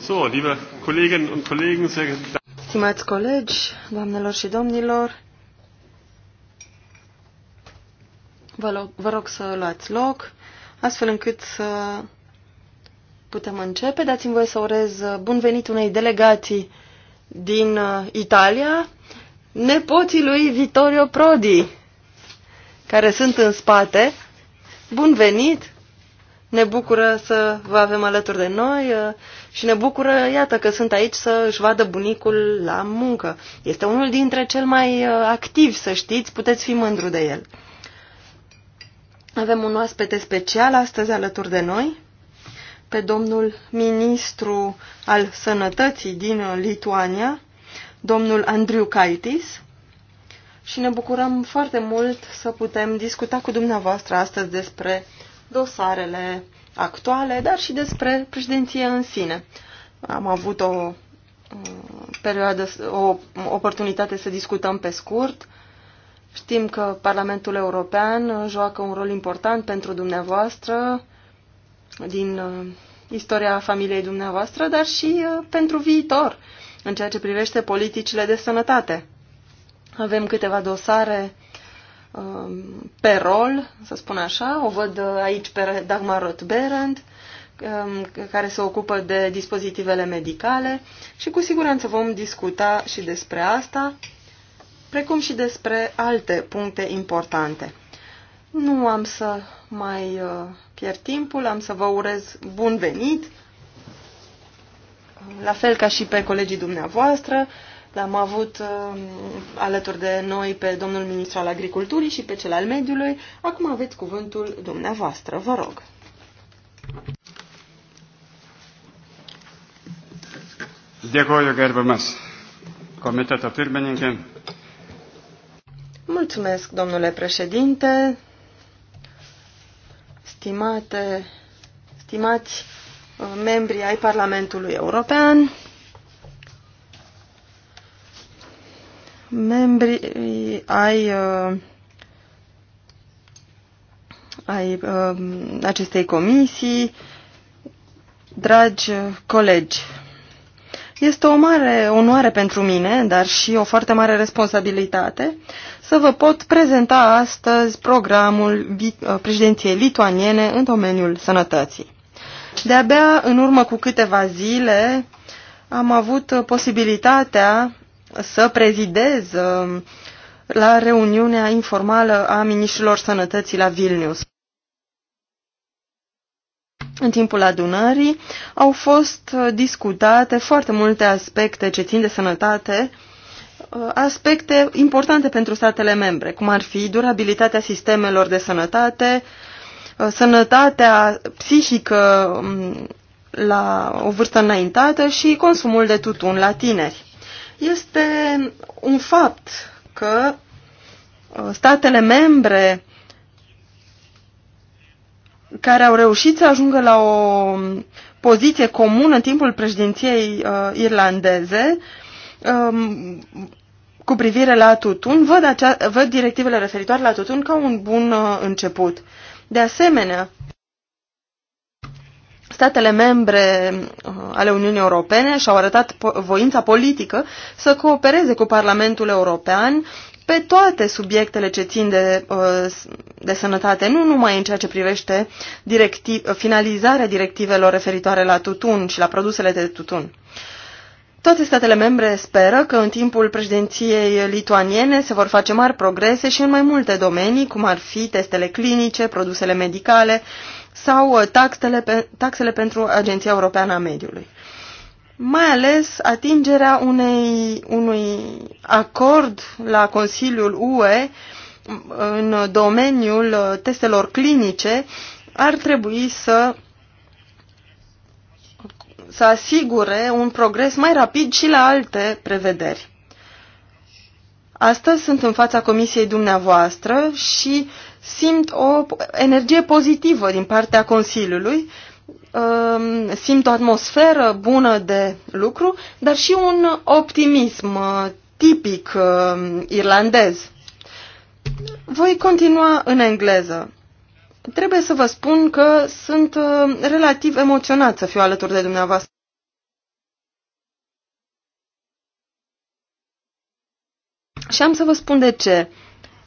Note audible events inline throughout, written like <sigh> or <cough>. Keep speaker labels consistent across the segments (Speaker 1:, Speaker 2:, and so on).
Speaker 1: So, liebe Kolleginnen und Kollegen, sehr Stimați colegi, doamnelor și domnilor, vă, lo- vă rog să luați loc, astfel încât să putem începe. Dați-mi voie să urez bun venit unei delegații din uh, Italia, nepoții lui Vittorio Prodi, care sunt în spate. Bun venit! Ne bucură să vă avem alături de noi uh, și ne bucură, iată, că sunt aici să își vadă bunicul la muncă. Este unul dintre cel mai uh, activ, să știți, puteți fi mândru de el. Avem un oaspete special astăzi alături de noi, pe domnul ministru al sănătății din Lituania, domnul Andriu Kaitis, și ne bucurăm foarte mult să putem discuta cu dumneavoastră astăzi despre dosarele actuale, dar și despre președinție în sine. Am avut o mm, perioadă, o oportunitate să discutăm pe scurt. Știm că Parlamentul European joacă un rol important pentru dumneavoastră din mm, istoria familiei dumneavoastră, dar și mm, pentru viitor, în ceea ce privește politicile de sănătate. Avem câteva dosare Um, pe rol, să spun așa. O văd uh, aici pe Dagmar Roth-Berend, um, care se ocupă de dispozitivele medicale și cu siguranță vom discuta și despre asta, precum și despre alte puncte importante. Nu am să mai uh, pierd timpul, am să vă urez bun venit, la fel ca și pe colegii dumneavoastră, L-am avut uh, alături de noi pe domnul ministru al agriculturii și pe cel al mediului. Acum aveți cuvântul dumneavoastră, vă rog.
Speaker 2: Dėkoju gerbiamas
Speaker 1: komiteto pirmininkė. Mulțumesc, domnule președinte, stimate, stimați uh, membri ai Parlamentului European, membrii ai, uh, ai uh, acestei comisii, dragi colegi. Este o mare onoare pentru mine, dar și o foarte mare responsabilitate, să vă pot prezenta astăzi programul uh, președinției lituaniene în domeniul sănătății. De-abia în urmă cu câteva zile am avut posibilitatea să prezidez um, la reuniunea informală a Ministrilor Sănătății la Vilnius. În timpul adunării au fost uh, discutate foarte multe aspecte ce țin de sănătate, uh, aspecte importante pentru statele membre, cum ar fi durabilitatea sistemelor de sănătate, uh, sănătatea psihică um, la o vârstă înaintată și consumul de tutun la tineri. Este un fapt că uh, statele membre care au reușit să ajungă la o poziție comună în timpul președinției uh, irlandeze um, cu privire la tutun, văd, acea, văd directivele referitoare la tutun ca un bun uh, început. De asemenea, statele membre uh, ale Uniunii Europene și-au arătat voința politică să coopereze cu Parlamentul European pe toate subiectele ce țin de, uh, de sănătate, nu numai în ceea ce privește directiv, uh, finalizarea directivelor referitoare la tutun și la produsele de tutun. Toate statele membre speră că în timpul președinției lituaniene se vor face mari progrese și în mai multe domenii, cum ar fi testele clinice, produsele medicale, sau uh, taxele, pe, taxele pentru Agenția Europeană a Mediului. Mai ales atingerea unei, unui acord la Consiliul UE uh, în domeniul uh, testelor clinice ar trebui să să asigure un progres mai rapid și la alte prevederi. Astăzi sunt în fața comisiei dumneavoastră și simt o energie pozitivă din partea Consiliului, um, simt o atmosferă bună de lucru, dar și un optimism uh, tipic uh, irlandez. Voi continua în engleză. Trebuie să vă spun că sunt uh, relativ emoționat să fiu alături de dumneavoastră. Și am să vă spun de ce.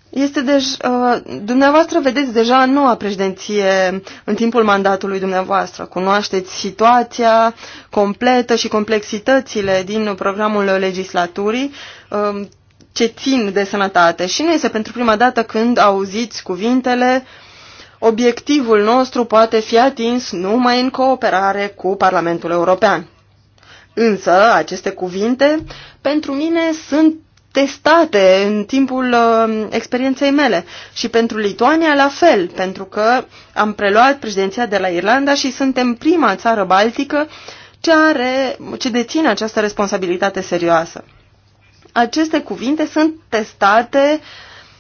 Speaker 1: Este deci, uh, dumneavoastră vedeți deja noua președinție în timpul mandatului dumneavoastră. Cunoașteți situația completă și complexitățile din programul legislaturii uh, ce țin de sănătate. Și nu este pentru prima dată când auziți cuvintele obiectivul nostru poate fi atins numai în cooperare cu Parlamentul European. Însă, aceste cuvinte, pentru mine, sunt testate în timpul uh, experienței mele. Și pentru Lituania la fel, pentru că am preluat președinția de la Irlanda și suntem prima țară baltică ce, are, ce deține această responsabilitate serioasă. Aceste cuvinte sunt testate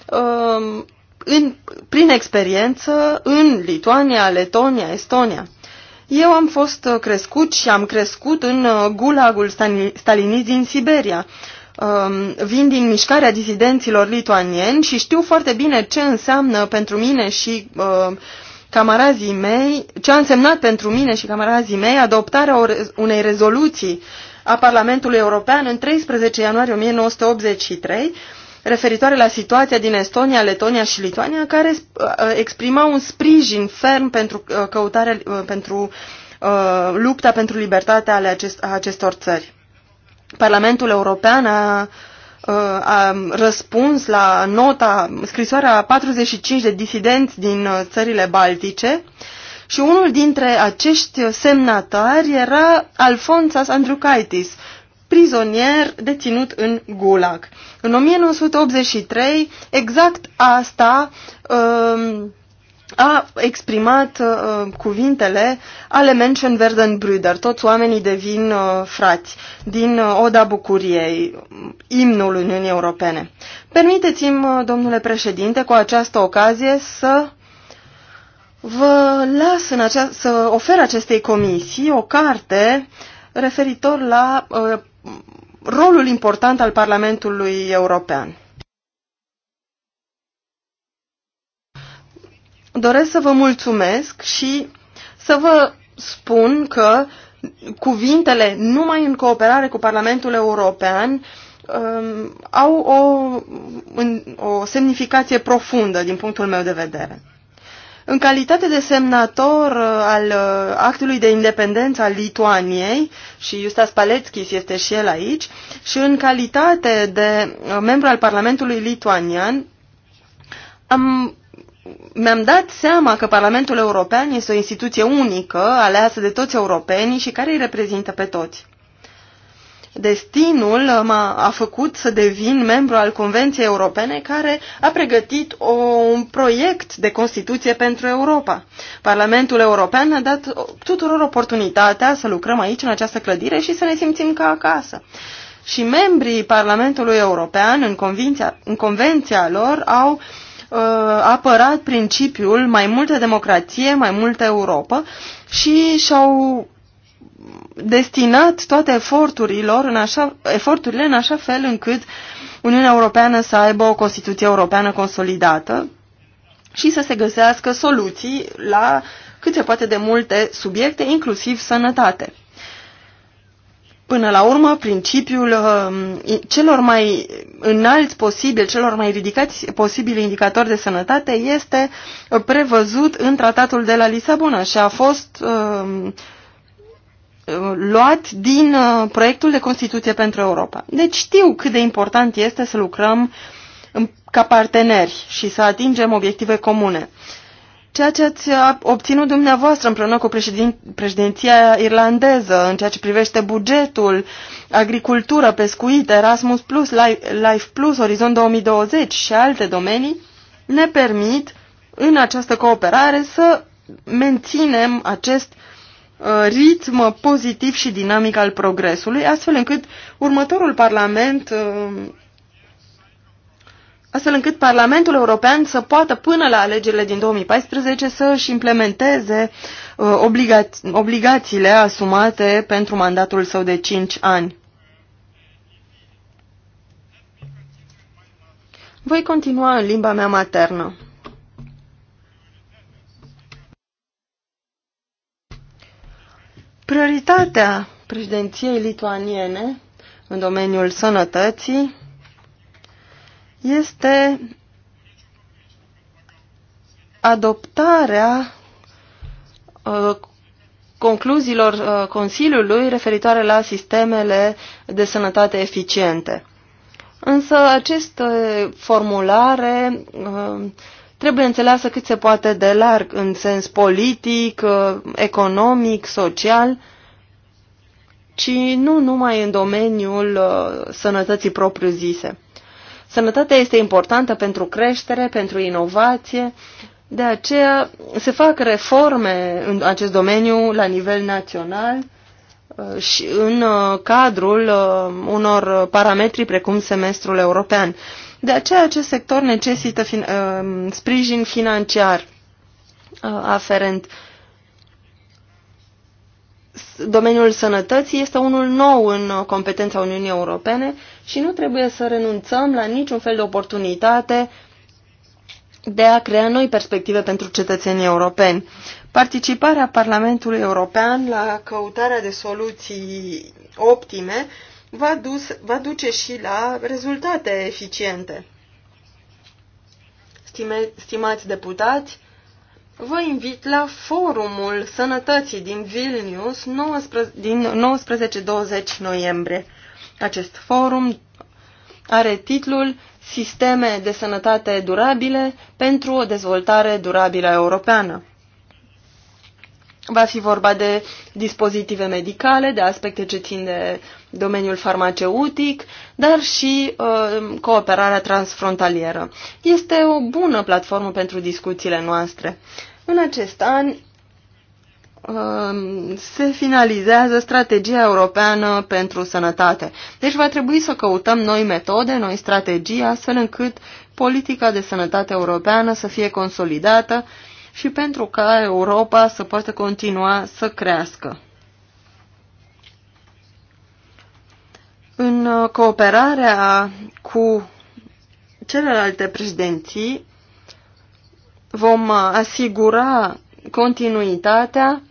Speaker 1: uh, în, prin experiență în Lituania, Letonia, Estonia. Eu am fost uh, crescut și am crescut în uh, gulagul stalinist din Siberia Um, vin din mișcarea dizidenților lituanieni și știu foarte bine ce înseamnă pentru mine și um, camarazii mei, ce a însemnat pentru mine și camarazii mei adoptarea unei rezoluții a Parlamentului European în 13 ianuarie 1983 referitoare la situația din Estonia, Letonia și Lituania, care uh, exprima un sprijin ferm pentru uh, căutarea, uh, pentru lupta pentru libertatea ale acestor țări. Parlamentul European a, a răspuns la nota, scrisoarea 45 de disidenți din uh, țările baltice și unul dintre acești semnatari era Alfonsas Andrukaitis, prizonier deținut în Gulag. În 1983, exact asta um, a exprimat uh, cuvintele ale Brüder, toți oamenii devin uh, frați, din uh, Oda Bucuriei, imnul Uniunii Europene. Permiteți-mi, uh, domnule președinte, cu această ocazie să vă las în acea, să ofer acestei comisii o carte referitor la uh, rolul important al Parlamentului European. doresc să vă mulțumesc și să vă spun că cuvintele numai în cooperare cu Parlamentul European um, au o, o semnificație profundă din punctul meu de vedere. În calitate de semnator uh, al uh, actului de independență al Lituaniei, și Justas Paleckis este și el aici, și în calitate de uh, membru al Parlamentului lituanian, am mi-am dat seama că Parlamentul European este o instituție unică, aleasă de toți europenii și care îi reprezintă pe toți. Destinul m-a a făcut să devin membru al Convenției Europene care a pregătit o, un proiect de Constituție pentru Europa. Parlamentul European a dat tuturor oportunitatea să lucrăm aici, în această clădire, și să ne simțim ca acasă. Și membrii Parlamentului European, în, în convenția lor, au uh, Uh, apărat principiul mai multă democrație, mai multă Europa și și-au destinat toate eforturilor în așa, eforturile în așa fel încât Uniunea Europeană să aibă o Constituție Europeană consolidată și să se găsească soluții la cât se poate de multe subiecte, inclusiv sănătate. Până la urmă, principiul uh, celor mai înalți posibil, celor mai ridicați posibili indicatori de sănătate este uh, prevăzut în tratatul de la Lisabona și a fost uh, uh luat din proiectul de Constituție pentru Europa. Deci știu cât de important este să lucrăm um, ca parteneri și să atingem obiective comune ceea ce ați obținut dumneavoastră împreună cu președin, președinția irlandeză în ceea ce privește bugetul, agricultură, pescuit, Erasmus+, Plus, Life Plus, Orizont 2020 și alte domenii, ne permit în această cooperare să menținem acest uh, ritm pozitiv și dinamic al progresului, astfel încât următorul Parlament uh, astfel încât Parlamentul European să poată până la alegerile din 2014 să își implementeze uh, obligațiile asumate pentru mandatul său de 5 ani. Voi continua în limba mea maternă. Prioritatea președinției lituaniene în domeniul sănătății este adoptarea uh, concluziilor uh, Consiliului referitoare la sistemele de sănătate eficiente. Însă aceste formulare uh, trebuie înțeleasă cât se poate de larg în sens politic, economic, social, ci nu numai în domeniul sănătății propriu-zise. Sănătatea este importantă pentru creștere, pentru inovație, de aceea se fac reforme în acest domeniu la nivel național uh, și în uh, cadrul uh, unor parametri precum semestrul european. De aceea acest sector necesită fin sprijin financiar aferent. Domeniul sănătății este unul nou în competența Uniunii Europene și nu trebuie să renunțăm la niciun fel de oportunitate de a crea noi perspective pentru cetățenii europeni. Participarea Parlamentului European la căutarea de soluții optime va, dus, va duce și la rezultate eficiente. Stime, stimați deputați, vă invit la Forumul Sănătății din Vilnius 19, din 19-20 noiembrie. Acest forum are titlul Sisteme de sănătate durabile pentru o dezvoltare durabilă europeană. Va fi vorba de dispozitive medicale, de aspecte ce țin de domeniul farmaceutic, dar și uh, cooperarea transfrontalieră. Este o bună platformă pentru discuțiile noastre. În acest an Um, se finalizează strategia europeană pentru sănătate. Deci va trebui să căutăm noi metode, noi strategii, astfel încât politica de sănătate europeană să fie consolidată și pentru ca Europa să poată continua să crească. În cooperarea cu celelalte președinții vom asigura continuitatea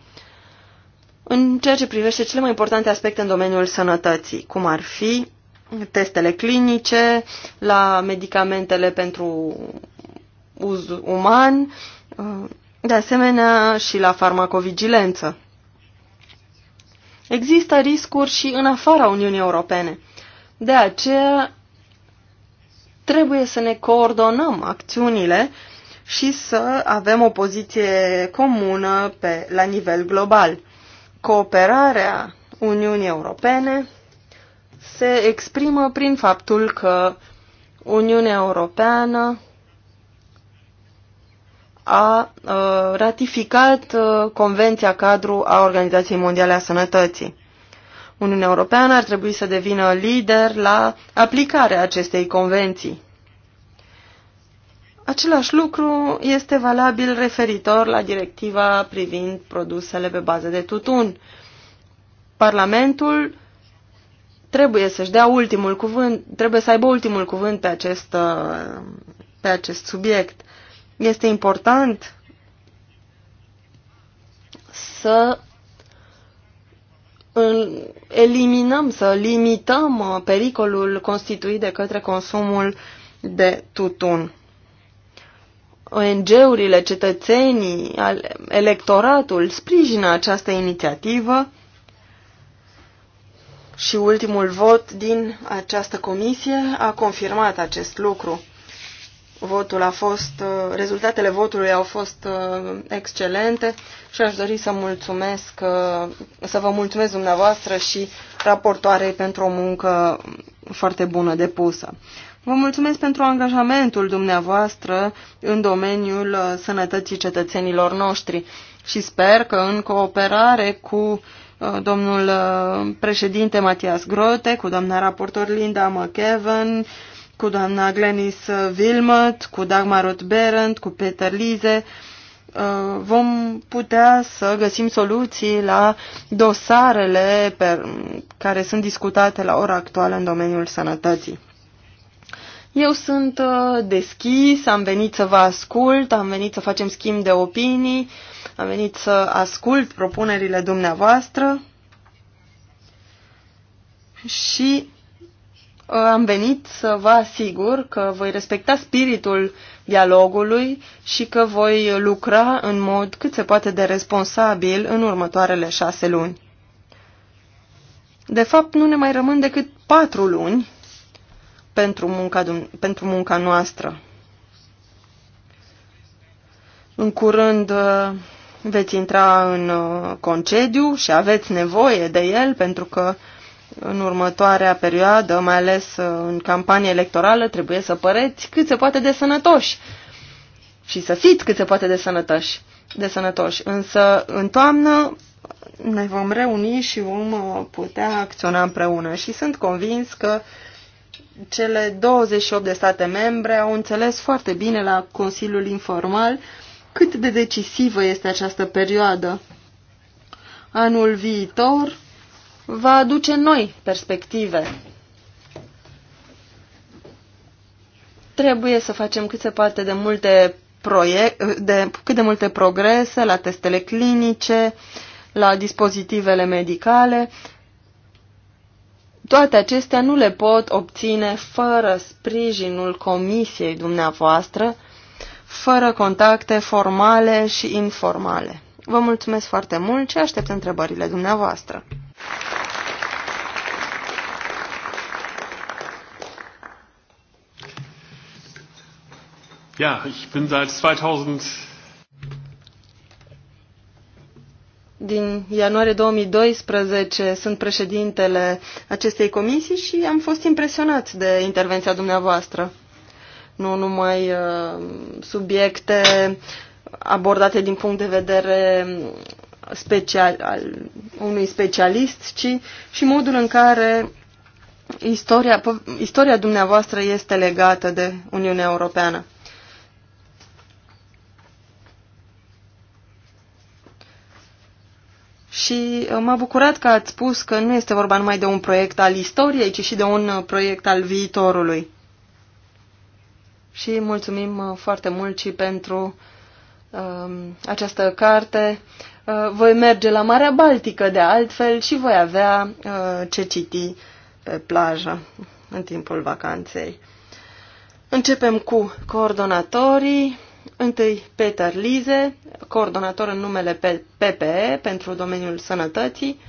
Speaker 1: în ceea ce privește cele mai importante aspecte în domeniul sănătății, cum ar fi testele clinice, la medicamentele pentru uz uman, de asemenea și la farmacovigilență. Există riscuri și în afara Uniunii Europene. De aceea trebuie să ne coordonăm acțiunile și să avem o poziție comună pe, la nivel global cooperarea Uniunii Europene se exprimă prin faptul că Uniunea Europeană a uh, ratificat uh, Convenția cadru a Organizației Mondiale a Sănătății. Uniunea Europeană ar trebui să devină lider la aplicarea acestei convenții. Același lucru este valabil referitor la directiva privind produsele pe bază de tutun. Parlamentul trebuie să-și dea ultimul cuvânt, trebuie să aibă ultimul cuvânt pe acest, uh, pe acest subiect. Este important să eliminăm, să limităm uh, pericolul constituit de către consumul de tutun. ONG-urile, cetățenii, electoratul sprijină această inițiativă și ultimul vot din această comisie a confirmat acest lucru. Votul a fost, uh, rezultatele votului au fost uh, excelente și aș dori să mulțumesc, uh, să vă mulțumesc dumneavoastră și raportoarei pentru o muncă foarte bună depusă. Vă mulțumesc pentru angajamentul dumneavoastră în domeniul uh, sănătății cetățenilor noștri și sper că în cooperare cu uh, domnul uh, președinte Matias Grote, cu doamna raportor Linda McEvan, cu doamna Glenis Wilmot, cu Dagmar Roth Berend, cu Peter Lize, vom putea să găsim soluții la dosarele care sunt discutate la ora actuală în domeniul sănătății. Eu sunt uh, deschis, am venit să vă ascult, am venit să facem schimb de opinii, am venit să ascult propunerile dumneavoastră și uh, am venit să vă asigur că voi respecta spiritul dialogului și că voi lucra în mod cât se poate de responsabil în următoarele șase luni. De fapt, nu ne mai rămân decât patru luni pentru munca, pentru munca noastră. În curând uh, veți intra în uh, concediu și aveți nevoie de el pentru că în următoarea perioadă, mai ales uh, în campanie electorală, trebuie să păreți cât se poate de sănătoși și să fiți cât se poate de sănătoși. De sănătoși. Însă, în toamnă, ne vom reuni și vom putea acționa împreună și sunt convins că uh, cele 28 de state membre au înțeles foarte bine la Consiliul Informal cât de decisivă este această perioadă. Anul viitor va aduce noi perspective. Trebuie să facem cât se poate de multe proiect, de, cât de multe progrese la testele clinice, la dispozitivele medicale, toate acestea nu le pot obține fără sprijinul comisiei dumneavoastră, fără contacte formale și informale. Vă mulțumesc foarte mult și aștept întrebările dumneavoastră.
Speaker 2: Ja, ich bin seit 2000
Speaker 1: din ianuarie 2012 sunt președintele acestei comisii și am fost impresionat de intervenția dumneavoastră. Nu numai uh, subiecte abordate din punct de vedere special, al unui specialist, ci și modul în care istoria, istoria dumneavoastră este legată de Uniunea Europeană. Și uh, m-a bucurat că ați spus că nu este vorba numai de un proiect al istoriei, ci și de un uh, proiect al viitorului. Și mulțumim uh, foarte mult și pentru uh, această carte. Uh, voi merge la Marea Baltică de altfel și voi avea uh, ce citi pe plajă în timpul vacanței. Începem cu coordonatorii. Întâi Peter Lize, coordonator în numele PPE pentru domeniul sănătății,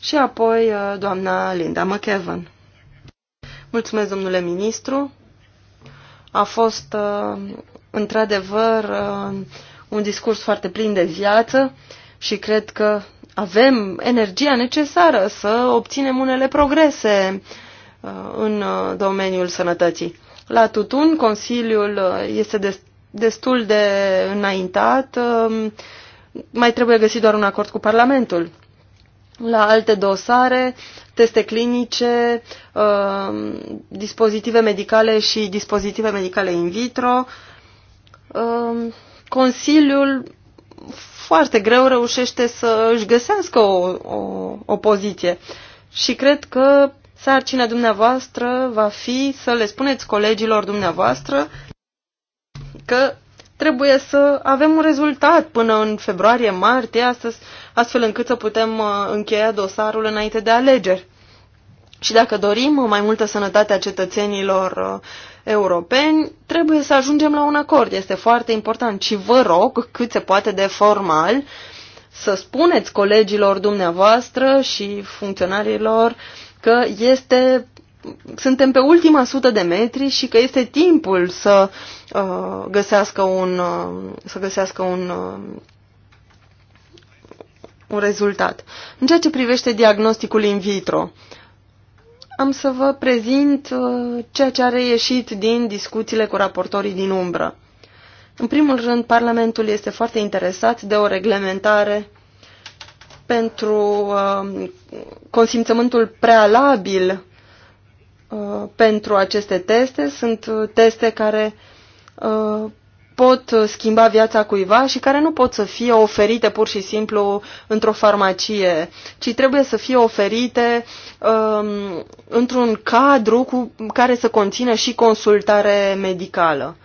Speaker 1: și apoi uh, doamna Linda McEvan. Mulțumesc, domnule ministru. A fost, uh, într-adevăr, uh, un discurs foarte plin de viață și cred că avem energia necesară să obținem unele progrese în domeniul sănătății la tutun. Consiliul este destul de înaintat. Um, mai trebuie găsit doar un acord cu Parlamentul. La alte dosare, teste clinice, um, dispozitive medicale și dispozitive medicale in vitro, um, Consiliul foarte greu reușește să își găsească o, o, o poziție. Și cred că Sarcina dumneavoastră va fi să le spuneți colegilor dumneavoastră că trebuie să avem un rezultat până în februarie-martie, astăzi, astfel încât să putem uh, încheia dosarul înainte de alegeri. Și dacă dorim mai multă sănătate a cetățenilor uh, europeni, trebuie să ajungem la un acord. Este foarte important și vă rog, cât se poate de formal, să spuneți colegilor dumneavoastră și funcționarilor uh, că este, suntem pe ultima sută de metri și că este timpul să uh, găsească un, uh, să găsească un, uh, un rezultat. În ceea ce privește diagnosticul in vitro, am să vă prezint uh, ceea ce a reieșit din discuțiile cu raportorii din umbră. În primul rând, Parlamentul este foarte interesat de o reglementare pentru um, consimțământul prealabil uh, pentru aceste teste. Sunt uh, teste care uh, pot schimba viața cuiva și care nu pot să fie oferite pur și simplu într-o farmacie, ci trebuie să fie oferite um, într-un cadru cu care să conțină și consultare medicală.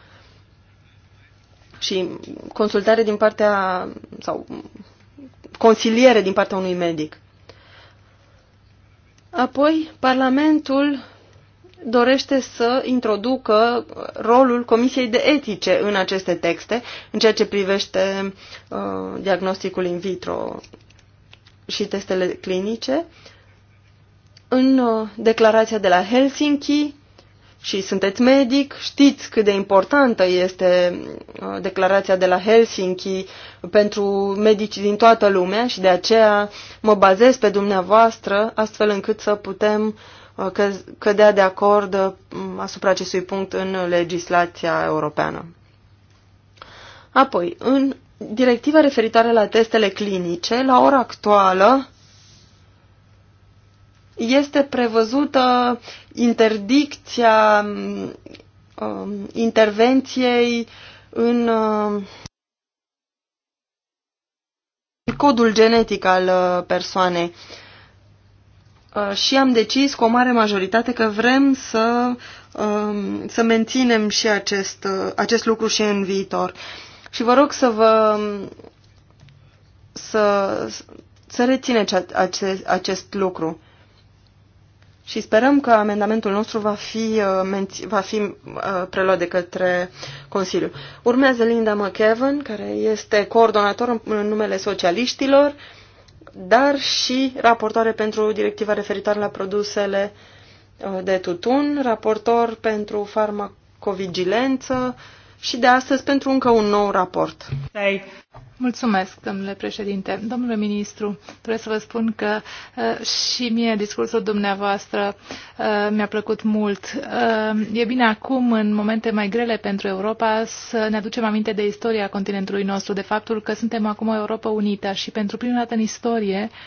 Speaker 1: Și consultare din partea sau consiliere din partea unui medic. Apoi, Parlamentul dorește să introducă rolul Comisiei de Etice în aceste texte, în ceea ce privește uh, diagnosticul in vitro și testele clinice. În uh, declarația de la Helsinki și sunteți medic, știți cât de importantă este uh, declarația de la Helsinki pentru medici din toată lumea și de aceea mă bazez pe dumneavoastră astfel încât să putem uh, cădea de acord uh, asupra acestui punct în legislația europeană. Apoi, în directiva referitoare la testele clinice, la ora actuală, este prevăzută interdicția uh, intervenției în uh, codul genetic al uh, persoanei. Uh, și am decis cu o mare majoritate că vrem să, um, să menținem și acest, uh, acest lucru și în viitor. Și vă rog să vă să, să rețineți acest, acest lucru și sperăm că amendamentul nostru va fi, uh, va fi uh, preluat de către Consiliu. Urmează Linda McEvan, care este coordonator în numele socialiștilor, dar și raportoare pentru directiva referitoare la produsele uh, de tutun, raportor pentru farmacovigilență și de astăzi pentru
Speaker 2: încă un nou raport. Mulțumesc, domnule președinte. Domnule ministru, trebuie să vă spun că uh, și mie discursul dumneavoastră uh, mi-a plăcut mult. Uh, e bine acum, în momente mai grele pentru Europa, să ne aducem aminte de istoria continentului nostru, de faptul că suntem acum o Europa unită și pentru prima dată în istorie uh,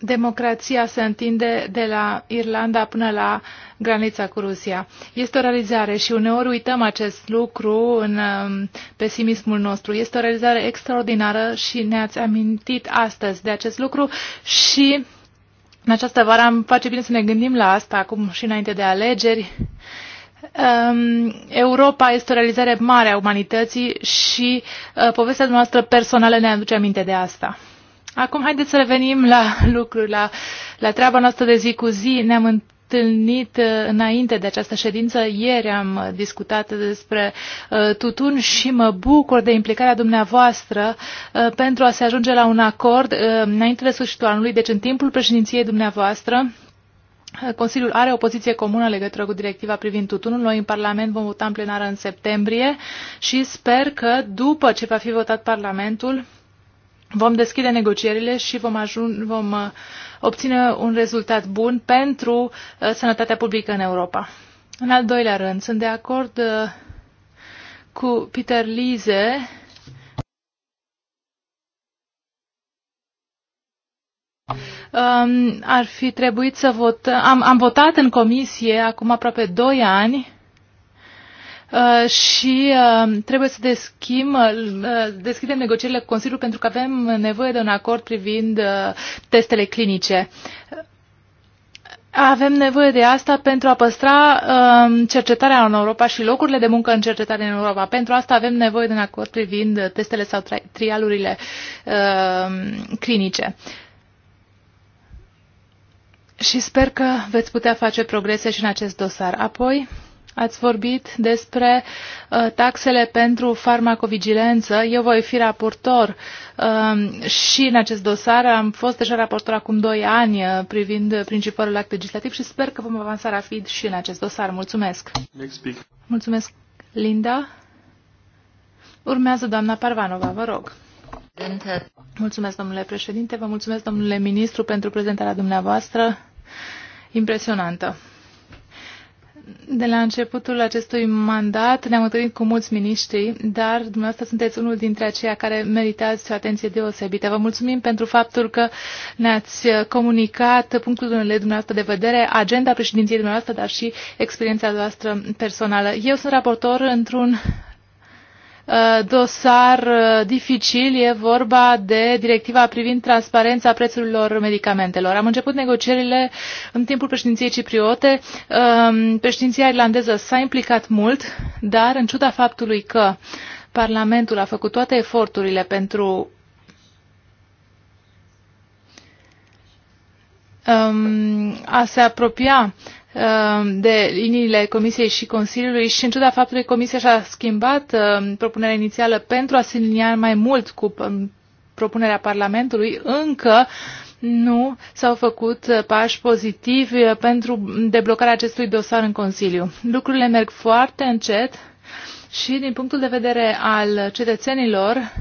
Speaker 2: democrația se întinde de la Irlanda până la granița cu Rusia. Este o realizare și uneori uităm acest lucru în um, pesimismul nostru. Este o realizare extraordinară și ne-ați amintit astăzi de acest lucru și în această vară am face bine să ne gândim la asta, acum și înainte de alegeri. Um, Europa este o realizare mare a umanității și uh, povestea noastră personală ne aduce aminte de asta. Acum haideți să revenim la lucruri, la, la treaba noastră de zi cu zi. Ne-am întâlnit uh, înainte de această ședință. Ieri am uh, discutat despre uh, tutun și mă bucur de implicarea dumneavoastră pentru a se ajunge la un acord înainte de sfârșitul anului, deci în timpul președinției dumneavoastră. Consiliul are o poziție comună legătură cu directiva privind tutunul. Noi în Parlament vom vota în plenară în septembrie și sper că după ce va fi votat Parlamentul, vom deschide negocierile și vom, ajun, vom uh, obține un rezultat bun pentru uh, sănătatea publică în Europa. În al doilea rând, sunt de acord uh, cu Peter Lise Um, ar fi trebuit să votăm, am, am votat în comisie acum aproape 2 ani Uh, și uh, trebuie să deschim, uh, deschidem negocierile cu Consiliul pentru că avem nevoie de un acord privind testele clinice. Avem nevoie de asta pentru a păstra um, cercetarea în Europa și locurile de muncă în cercetare în Europa. Pentru asta avem nevoie de un acord privind testele sau trialurile um, clinice. Și sper că veți putea face progrese și în acest dosar. Apoi, Ați vorbit despre uh, taxele pentru farmacovigilență. Eu voi fi raportor um, și în acest dosar. Am fost deja raportor acum 2 ani uh, privind principalul act legislativ și sper că vom avansa rapid și în acest dosar. Mulțumesc! Mulțumesc, Linda! Urmează doamna Parvanova, vă rog. Mulțumesc, domnule președinte, vă mulțumesc, domnule ministru, pentru prezentarea dumneavoastră impresionantă de la începutul acestui mandat ne-am întâlnit cu mulți miniștri, dar dumneavoastră sunteți unul dintre aceia care meritați o atenție deosebită. Vă mulțumim pentru faptul că ne-ați comunicat punctul dumneavoastră de vedere, agenda președinției dumneavoastră, dar și experiența noastră personală. Eu sunt raportor într-un Uh, dosar uh, dificil, e vorba de directiva privind transparența prețurilor medicamentelor. Am început negocierile în timpul președinției cipriote. Um, președinția irlandeză s-a implicat mult, dar în ciuda faptului că Parlamentul a făcut toate eforturile pentru um, a se apropia Um, de liniile Comisiei și Consiliului și în ciuda faptului că Comisia și-a schimbat um, propunerea inițială pentru a se linia mai mult cu um, propunerea Parlamentului, încă nu s-au făcut uh, pași pozitivi uh, pentru deblocarea acestui dosar în Consiliu. Lucrurile merg foarte încet și din punctul de vedere al cetățenilor,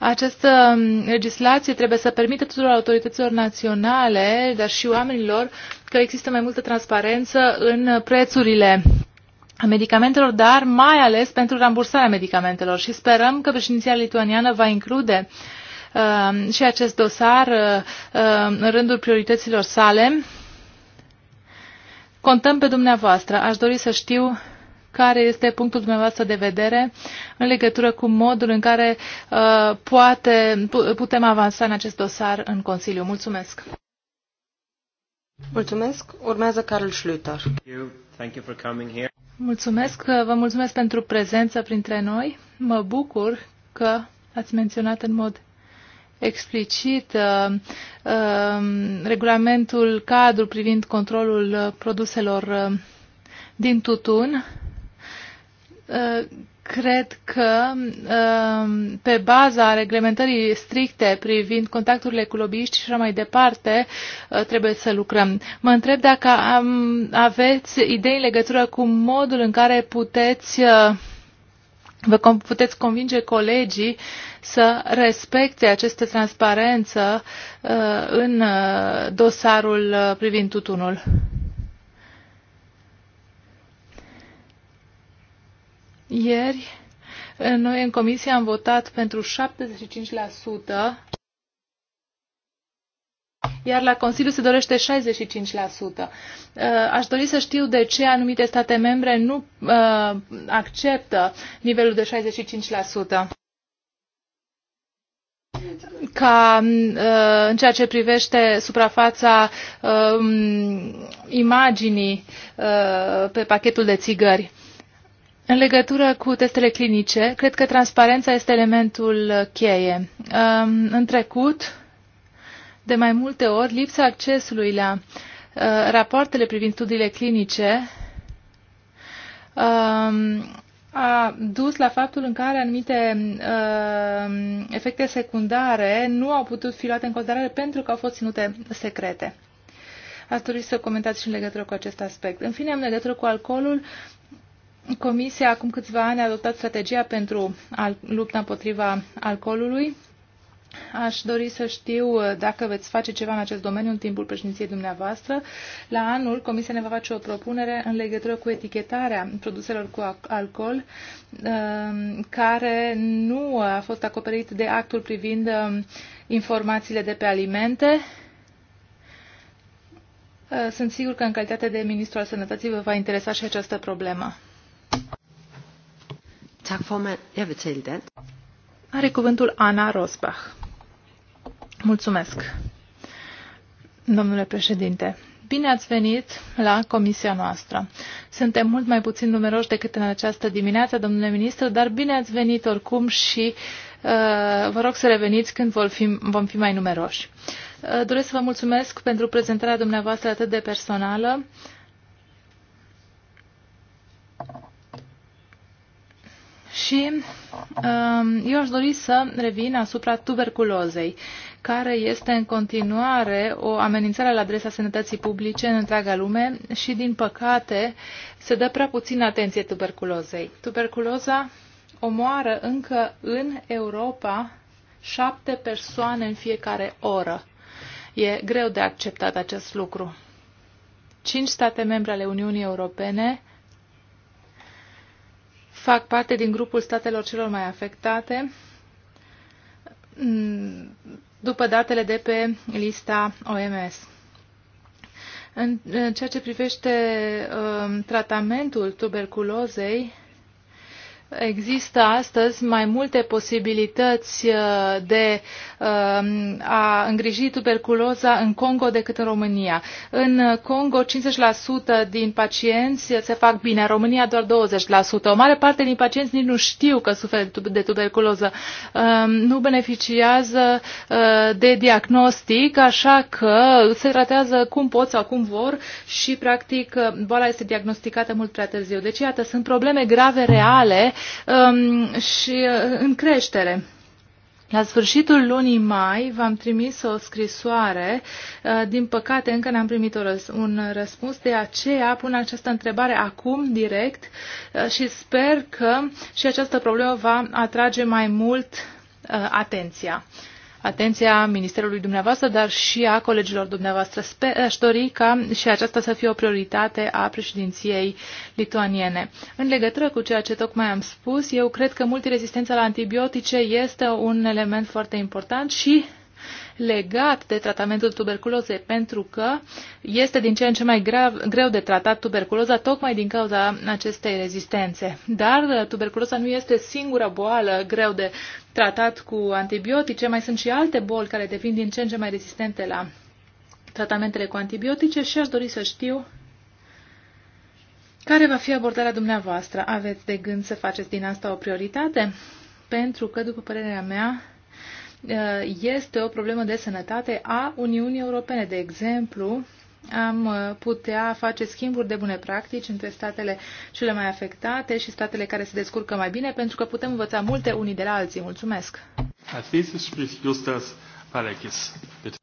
Speaker 2: această legislație trebuie să permită tuturor autorităților naționale, dar și oamenilor, că există mai multă transparență în prețurile medicamentelor, dar mai ales pentru rambursarea medicamentelor. Și sperăm că președinția lituaniană va include uh, și acest dosar uh, uh în rândul priorităților sale. Contăm pe dumneavoastră. Aș dori să știu care este punctul dumneavoastră de vedere în legătură cu modul în care uh, poate, putem avansa în acest dosar în Consiliu. Mulțumesc!
Speaker 1: Mulțumesc. Urmează Carl Schlüter.
Speaker 2: Mulțumesc, vă mulțumesc pentru prezența printre noi. Mă bucur că ați menționat în mod explicit uh, uh, regulamentul cadru privind controlul produselor uh, din tutun. Uh, cred că um, pe baza reglementării stricte privind contacturile cu lobbyiști și așa mai departe uh, trebuie să lucrăm. Mă întreb dacă am, aveți idei în legătură cu modul în care puteți uh, vă puteți convinge colegii să respecte această transparență uh, în dosarul privind tutunul. Ieri, noi în comisie am votat pentru 75%, iar la Consiliu se dorește 65%. Uh, aș dori să știu de ce anumite state membre nu uh, acceptă nivelul de 65% ca uh, în ceea ce privește suprafața um, imaginii pe pachetul de țigări. În legătură cu testele clinice, cred că transparența este elementul cheie. Um, în trecut, de mai multe ori, lipsa accesului la uh, rapoartele privind studiile clinice um, a dus la faptul în care anumite um, efecte secundare nu au putut fi luate în considerare pentru că au fost ținute secrete. Ați dori să comentați și în legătură cu acest aspect. În fine, în legătură cu alcoolul, Comisia acum câțiva ani a adoptat strategia pentru lupta împotriva alcoolului. Aș dori să știu dacă veți face ceva în acest domeniu în timpul președinției dumneavoastră. La anul, Comisia ne va face o propunere în legătură cu etichetarea produselor cu alcool, um, care nu a fost acoperit de actul privind um, informațiile de pe alimente. Uh, sunt sigur că în calitate de ministru al sănătății vă va interesa și această problemă. Are cuvântul Ana Rosbach. Mulțumesc, domnule președinte. Bine ați venit la comisia noastră. Suntem mult mai puțin numeroși decât în această dimineață, domnule ministru, dar bine ați venit oricum și uh, vă rog să reveniți când vor fi, vom fi mai numeroși. Uh, doresc să vă mulțumesc pentru prezentarea dumneavoastră atât de personală. Și um, eu aș dori să revin asupra tuberculozei, care este în continuare o amenințare la adresa sănătății publice în întreaga lume și, din păcate, se dă prea puțin atenție tuberculozei. Tuberculoza omoară încă în Europa șapte persoane în fiecare oră. E greu de acceptat acest lucru. Cinci state membre ale Uniunii Europene fac parte din grupul statelor celor mai afectate mm, după datele de pe lista OMS. În ceea ce privește um, tratamentul tuberculozei, Există astăzi mai multe posibilități uh, de um, a îngriji tuberculoza în Congo decât în România. În Congo 50% din pacienți se fac bine, în România doar 20%. O mare parte din pacienți nici nu știu că suferă de tuberculoză. Um, nu beneficiază uh, de diagnostic, așa că se tratează cum pot sau cum vor și practic boala este diagnosticată mult prea târziu. Deci iată, sunt probleme grave reale um, și uh, în creștere. La sfârșitul lunii mai v-am trimis o scrisoare, uh, din păcate încă n-am primit un răspuns, de aceea pun această întrebare acum direct uh, și sper că și această problemă va atrage mai mult uh, atenția atenția Ministerului dumneavoastră, dar și a colegilor dumneavoastră. Sper, aș dori ca și aceasta să fie o prioritate a președinției lituaniene. În legătură cu ceea ce tocmai am spus, eu cred că multirezistența la antibiotice este un element foarte important și legat de tratamentul tuberculozei, pentru că este din ce în ce mai grav, greu de tratat tuberculoza tocmai din cauza acestei rezistențe. Dar uh, tuberculoza nu este singura boală greu de tratat cu antibiotice, mai sunt și alte boli care devin din ce în ce mai rezistente la tratamentele cu antibiotice și aș dori să știu care va fi abordarea dumneavoastră? Aveți de gând să faceți din asta o prioritate? Pentru că, după părerea mea, Eh, este o problemă de sănătate a Uniunii Europene. De exemplu, am eh, putea face schimburi de bune practici între statele cele mai afectate și statele care se descurcă mai bine, pentru că putem învăța multe unii de la alții. Mulțumesc!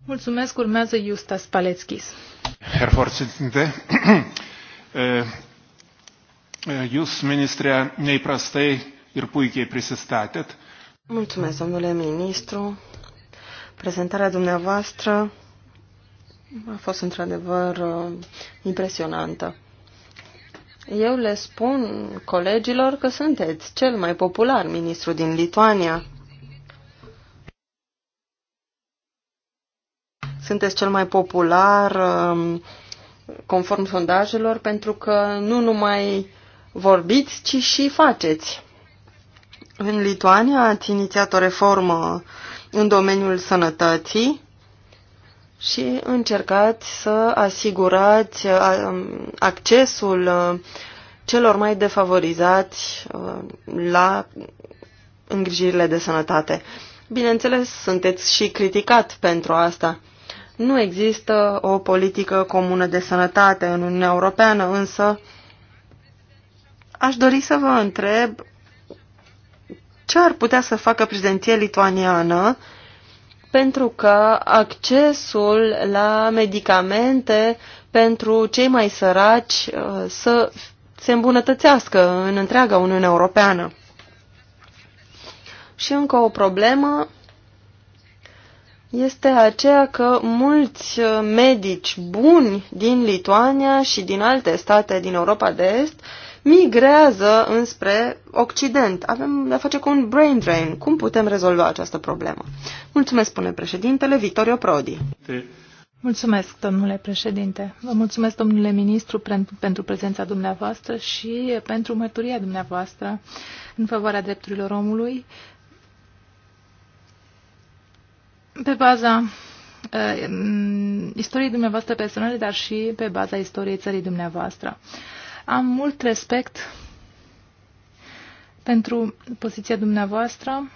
Speaker 2: Mulțumesc, urmează Justas Paleckis. Herr Vorsitzende, <coughs> eh, jūs ministrė neįprastai
Speaker 1: ir puikiai prisistatėt. Mulțumesc, domnule ministru. Prezentarea dumneavoastră a fost într-adevăr uh, impresionantă. Eu le spun colegilor că sunteți cel mai popular ministru din Lituania. Sunteți cel mai popular um, conform sondajelor pentru că nu numai vorbiți, ci și faceți. În Lituania ați inițiat o reformă în domeniul sănătății și încercați să asigurați um, accesul uh, celor mai defavorizați uh, la îngrijirile de sănătate. Bineînțeles, sunteți și criticat pentru asta. Nu există o politică comună de sănătate în Uniunea Europeană, însă aș dori să vă întreb ce ar putea să facă prezidenția lituaniană pentru ca accesul la medicamente pentru cei mai săraci uh, să se îmbunătățească în întreaga Uniune Europeană. Și încă o problemă este aceea că mulți uh, medici buni din Lituania și din alte state din Europa de Est uh, migrează înspre Occident. Avem de-a face cu un brain drain. Cum putem rezolva această problemă? Mulțumesc, spune președintele Vittorio Prodi.
Speaker 2: Mulțumesc, domnule președinte. Vă mulțumesc, domnule ministru, pentru prezența dumneavoastră și pentru mărturia dumneavoastră în favoarea drepturilor omului. Pe baza eh, istoriei dumneavoastră personale, dar și pe baza istoriei țării dumneavoastră. Uh, am mult respect pentru poziția dumneavoastră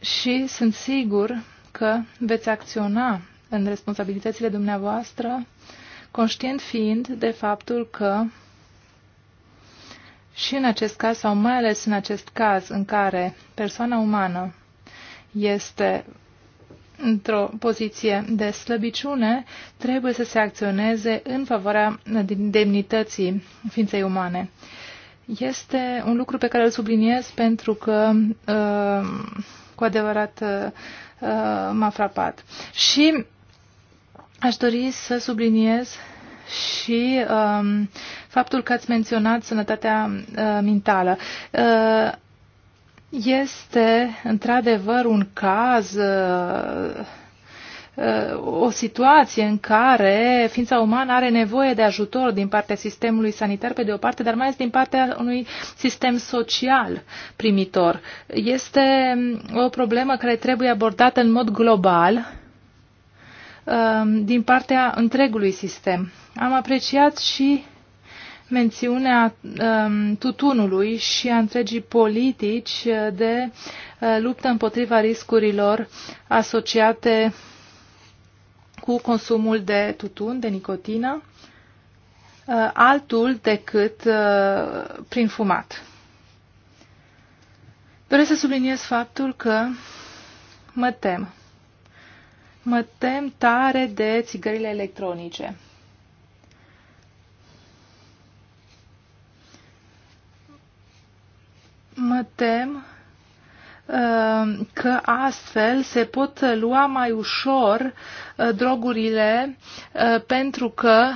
Speaker 2: și sunt sigur că veți acționa în responsabilitățile dumneavoastră, conștient fiind de faptul că și în acest caz, sau mai ales în acest caz în care persoana umană este într-o poziție de slăbiciune, trebuie să se acționeze în favoarea demnității ființei umane. Este un lucru pe care îl subliniez pentru că uh, cu adevărat uh, uh, m-a frapat. Și aș dori să subliniez și um, faptul că ați menționat sănătatea mentală este într-adevăr un caz, uh, uh, o situație în care ființa umană are nevoie de ajutor din partea sistemului sanitar pe de o parte, dar mai ales din partea unui sistem social primitor. Este um, o problemă care trebuie abordată în mod global um, din partea întregului sistem. Am apreciat și mențiunea um, tutunului și a întregii politici de uh, luptă împotriva riscurilor asociate cu consumul de tutun, de nicotină, uh, altul decât uh, prin fumat. Doresc să subliniez faptul că mă tem. Mă tem tare de țigările electronice. Mă tem uh, că astfel se pot lua mai ușor uh, drogurile uh, pentru că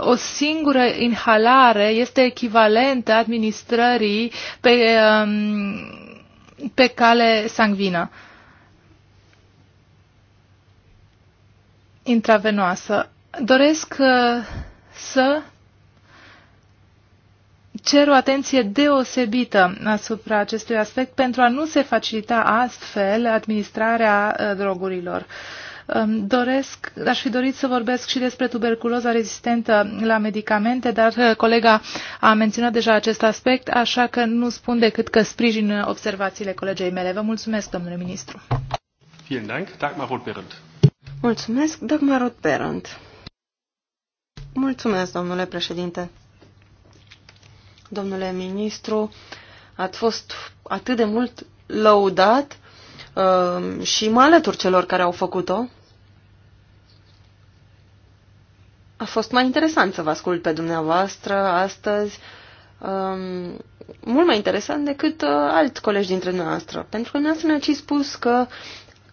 Speaker 2: o singură inhalare este echivalentă administrării pe, um, pe cale sangvină intravenoasă. Doresc să cer o atenție deosebită asupra acestui aspect pentru a nu se facilita astfel administrarea uh, drogurilor. Um, doresc, aș fi dorit să vorbesc și despre tuberculoza rezistentă la medicamente, dar uh, colega a menționat deja acest aspect, așa că nu spun decât că sprijin uh, observațiile colegei mele. Vă mulțumesc, domnule ministru. Mulțumesc,
Speaker 1: Dagmar Rothberend. Mulțumesc, domnule președinte. Domnule ministru, ați fost atât de mult lăudat uh, și mă alătur celor care au făcut-o. A fost mai interesant să vă ascult pe dumneavoastră astăzi, um, mult mai interesant decât uh, alți colegi dintre noastră, pentru că dumneavoastră ne-ați spus că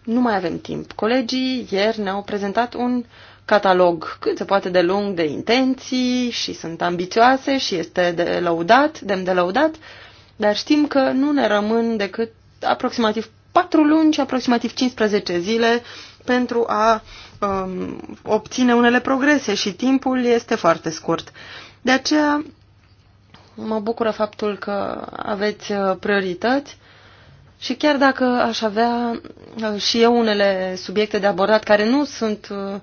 Speaker 1: nu mai avem timp. Colegii ieri ne-au prezentat un catalog cât se poate de lung de intenții și sunt ambițioase și este de lăudat, demn de lăudat, dar știm că nu ne rămân decât aproximativ 4 luni și aproximativ 15 zile pentru a um, obține unele progrese și timpul este foarte scurt. De aceea mă bucură faptul că aveți uh, priorități și chiar dacă aș avea uh, și eu unele subiecte de abordat care nu sunt uh,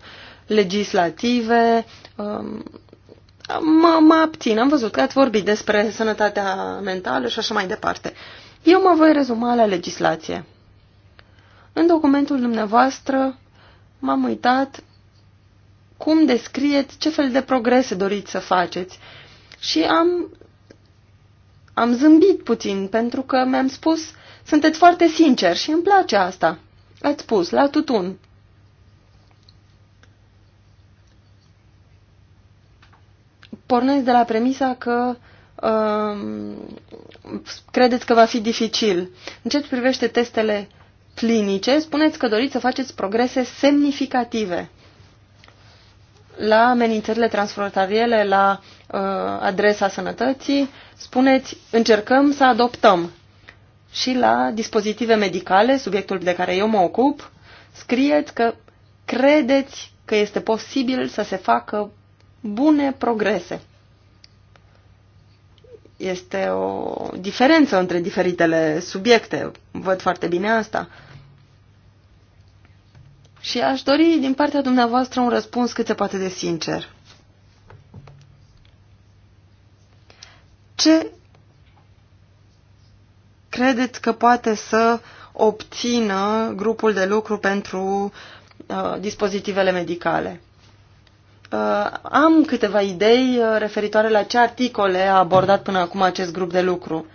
Speaker 1: legislative. Um, mă, mă abțin, am văzut că ați vorbit despre sănătatea mentală și așa mai departe. Eu mă voi rezuma la legislație. În documentul dumneavoastră m-am uitat cum descrieți ce fel de progrese doriți să faceți. Și am, am zâmbit puțin pentru că mi-am spus, sunteți foarte sincer și îmi place asta. Ați spus, la tutun, pornesc de la premisa că uh, credeți că va fi dificil. În ce privește testele clinice, spuneți că doriți să faceți progrese semnificative la amenințările transfrontaliere, la uh, adresa sănătății, spuneți încercăm să adoptăm. Și la dispozitive medicale, subiectul de care eu mă ocup, scrieți că credeți că este posibil să se facă bune progrese. Este o diferență între diferitele subiecte. Văd foarte bine asta. Și aș dori din partea dumneavoastră un răspuns cât se poate de sincer. Ce credeți că poate să obțină grupul de lucru pentru uh, dispozitivele medicale? Uh, am câteva idei uh, referitoare la ce articole a abordat până acum acest grup de lucru.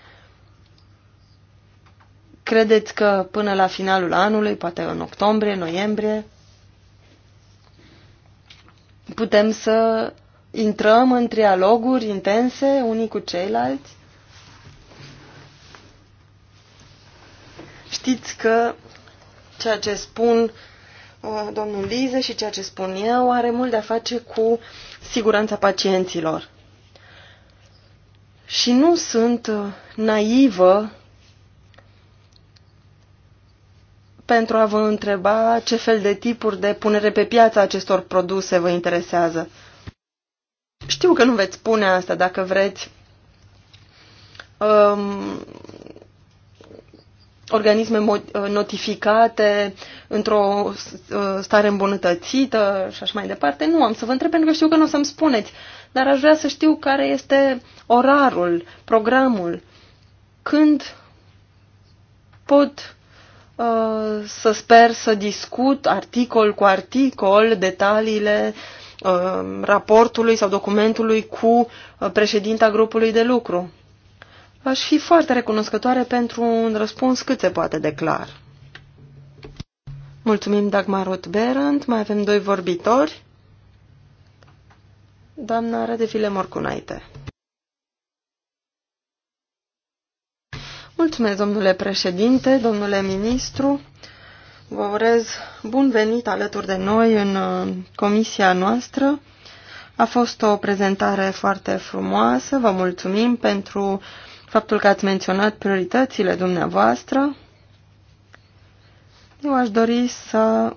Speaker 1: Credeți că până la finalul anului, poate în octombrie, noiembrie, putem să intrăm în trialoguri intense unii cu ceilalți? Știți că ceea ce spun uh, Uh, domnul Lize și ceea ce spun eu are mult de a face cu siguranța pacienților. Și nu sunt uh, naivă pentru a vă întreba ce fel de tipuri de punere pe piață acestor produse vă interesează. Știu că nu veți spune asta dacă vreți um, organisme uh, notificate într-o uh, stare îmbunătățită și așa mai departe. Nu, am să vă întreb pentru că știu că nu o să-mi spuneți, dar aș vrea să știu care este orarul, programul, când pot uh, să sper să discut articol cu articol detaliile uh, raportului sau documentului cu uh, președinta grupului de lucru. Aș fi foarte recunoscătoare pentru un răspuns cât se poate de clar. Mulțumim, Dagmar Roth-Berend. Mai avem doi vorbitori. Doamna Radefile Morcunaite. Mulțumesc, domnule președinte, domnule ministru. Vă urez bun venit alături de noi în uh, comisia noastră. A fost o prezentare foarte frumoasă. Vă mulțumim pentru uh, faptul că ați menționat prioritățile dumneavoastră. Eu aș dori să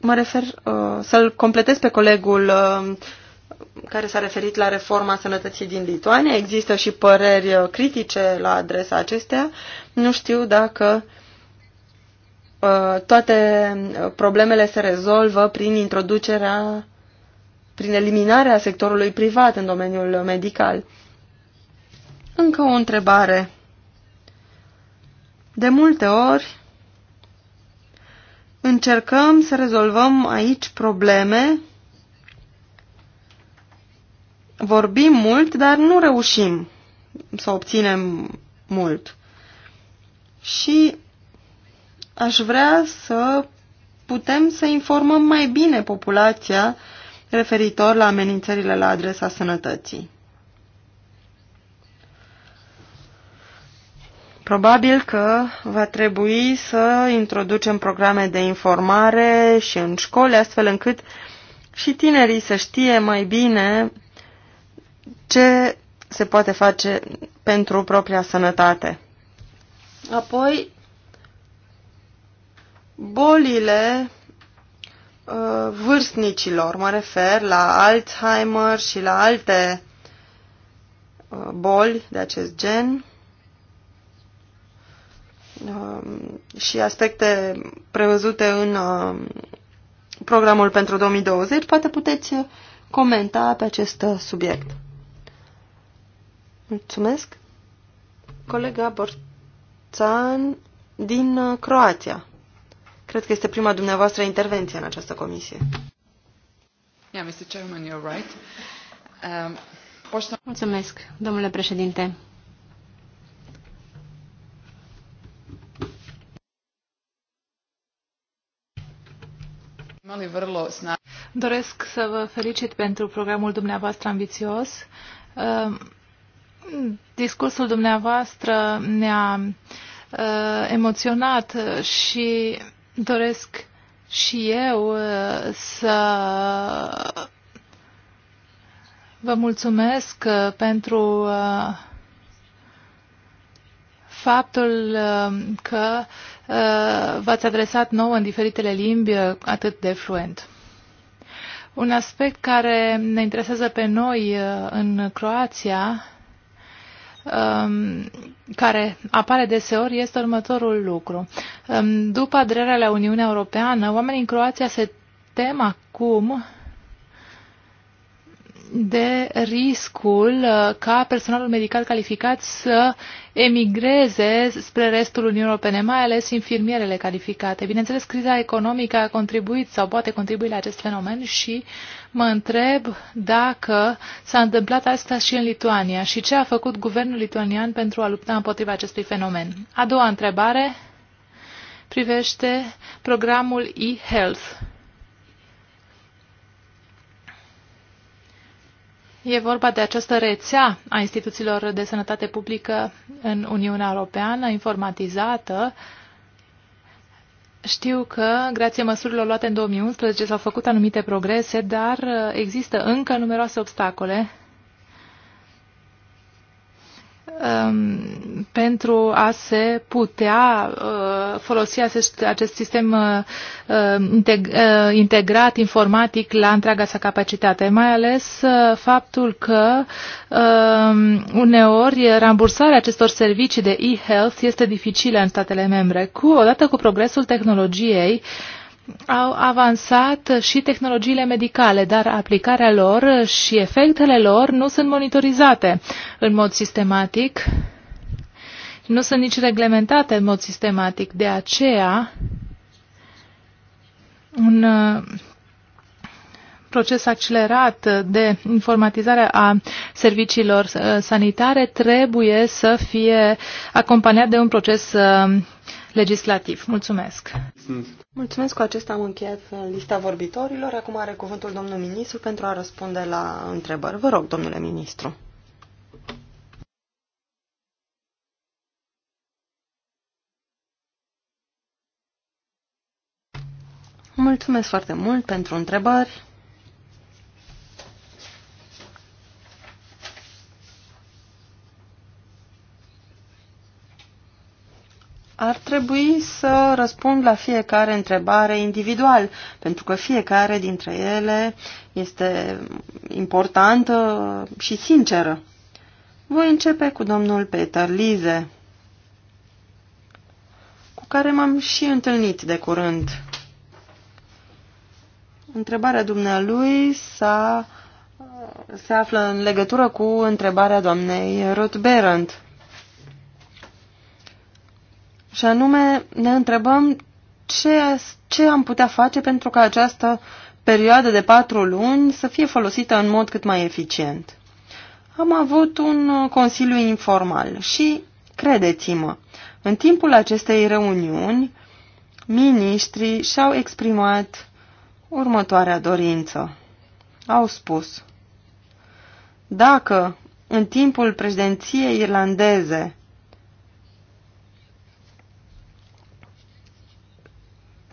Speaker 1: mă refer, uh, să-l completez pe colegul uh, care s-a referit la reforma sănătății din Lituania. Există și păreri uh, critice la adresa acestea. Nu știu dacă toate problemele se rezolvă prin introducerea, prin eliminarea sectorului privat în domeniul medical. Încă o întrebare. De multe ori încercăm să rezolvăm aici probleme, vorbim mult, dar nu reușim să obținem mult. Și aș vrea să putem să informăm mai bine populația referitor la amenințările la adresa sănătății. Probabil că va trebui să introducem programe de informare și în școli, astfel încât și tinerii să știe mai bine ce se poate face pentru propria sănătate. Apoi, bolile uh, vârstnicilor, mă refer la Alzheimer și la alte uh, boli de acest gen, Um, și aspecte prevăzute în um, programul pentru 2020, poate puteți uh, comenta pe acest uh, subiect. Mulțumesc. Colega Borțan din uh, Croația. Cred că este prima dumneavoastră intervenție în această comisie.
Speaker 2: Yeah, Mr. Chairman, you're right. Um, Mulțumesc, domnule președinte. Doresc să vă felicit pentru programul dumneavoastră ambițios. Ehm, discursul dumneavoastră ne-a ehm, emoționat și doresc și eu ehm, să vă mulțumesc pentru faptul uh, că uh, v-ați adresat nouă în diferitele limbi uh, atât de fluent. Un aspect care ne interesează pe noi în Croația, um, care apare deseori, este următorul lucru. Um, după aderarea la Uniunea Europeană, oamenii în Croația se tem acum de riscul uh, ca personalul medical calificat să emigreze spre restul Uniunii Europene, mai ales infirmierele calificate. Bineînțeles, criza economică a contribuit sau poate contribui la acest fenomen și mă întreb dacă s-a întâmplat asta și în Lituania și ce a făcut guvernul lituanian pentru a lupta împotriva acestui fenomen. A doua întrebare privește programul e-health E vorba de această rețea a instituțiilor de sănătate publică în Uniunea Europeană, informatizată. Știu că, grație măsurilor luate în 2011, s-au făcut anumite progrese, dar uh, există încă numeroase obstacole Um, pentru a se putea uh, folosi acest, acest sistem uh, uh, integrat informatic la întreaga sa capacitate, mai ales faptul că um, uneori rambursarea acestor servicii de e-health este dificilă în statele membre. Cu, odată cu progresul tehnologiei, au avansat și tehnologiile medicale, dar aplicarea lor și efectele lor nu sunt monitorizate în mod sistematic, nu sunt nici reglementate în mod sistematic. De aceea, un uh, proces accelerat de informatizare a serviciilor uh, sanitare trebuie să fie acompaniat de un proces uh, legislativ. Mulțumesc!
Speaker 1: Mulțumesc! Cu acesta am încheiat uh, lista vorbitorilor. Acum are cuvântul domnul ministru pentru a răspunde la întrebări. Vă
Speaker 2: rog, domnule ministru.
Speaker 1: Mulțumesc foarte mult pentru întrebări. Ar trebui să răspund la fiecare întrebare individual, pentru că fiecare dintre ele este importantă și sinceră. Voi începe cu domnul Peter Lize, cu care m-am și întâlnit de curând. Întrebarea dumnealui s-a, se află în legătură cu întrebarea doamnei Ruth Berendt. Și anume ne întrebăm ce, ce am putea face pentru ca această perioadă de patru luni să fie folosită în mod cât mai eficient. Am avut un consiliu informal și, credeți-mă, în timpul acestei reuniuni, miniștrii și-au exprimat următoarea dorință. Au spus, dacă în timpul președinției irlandeze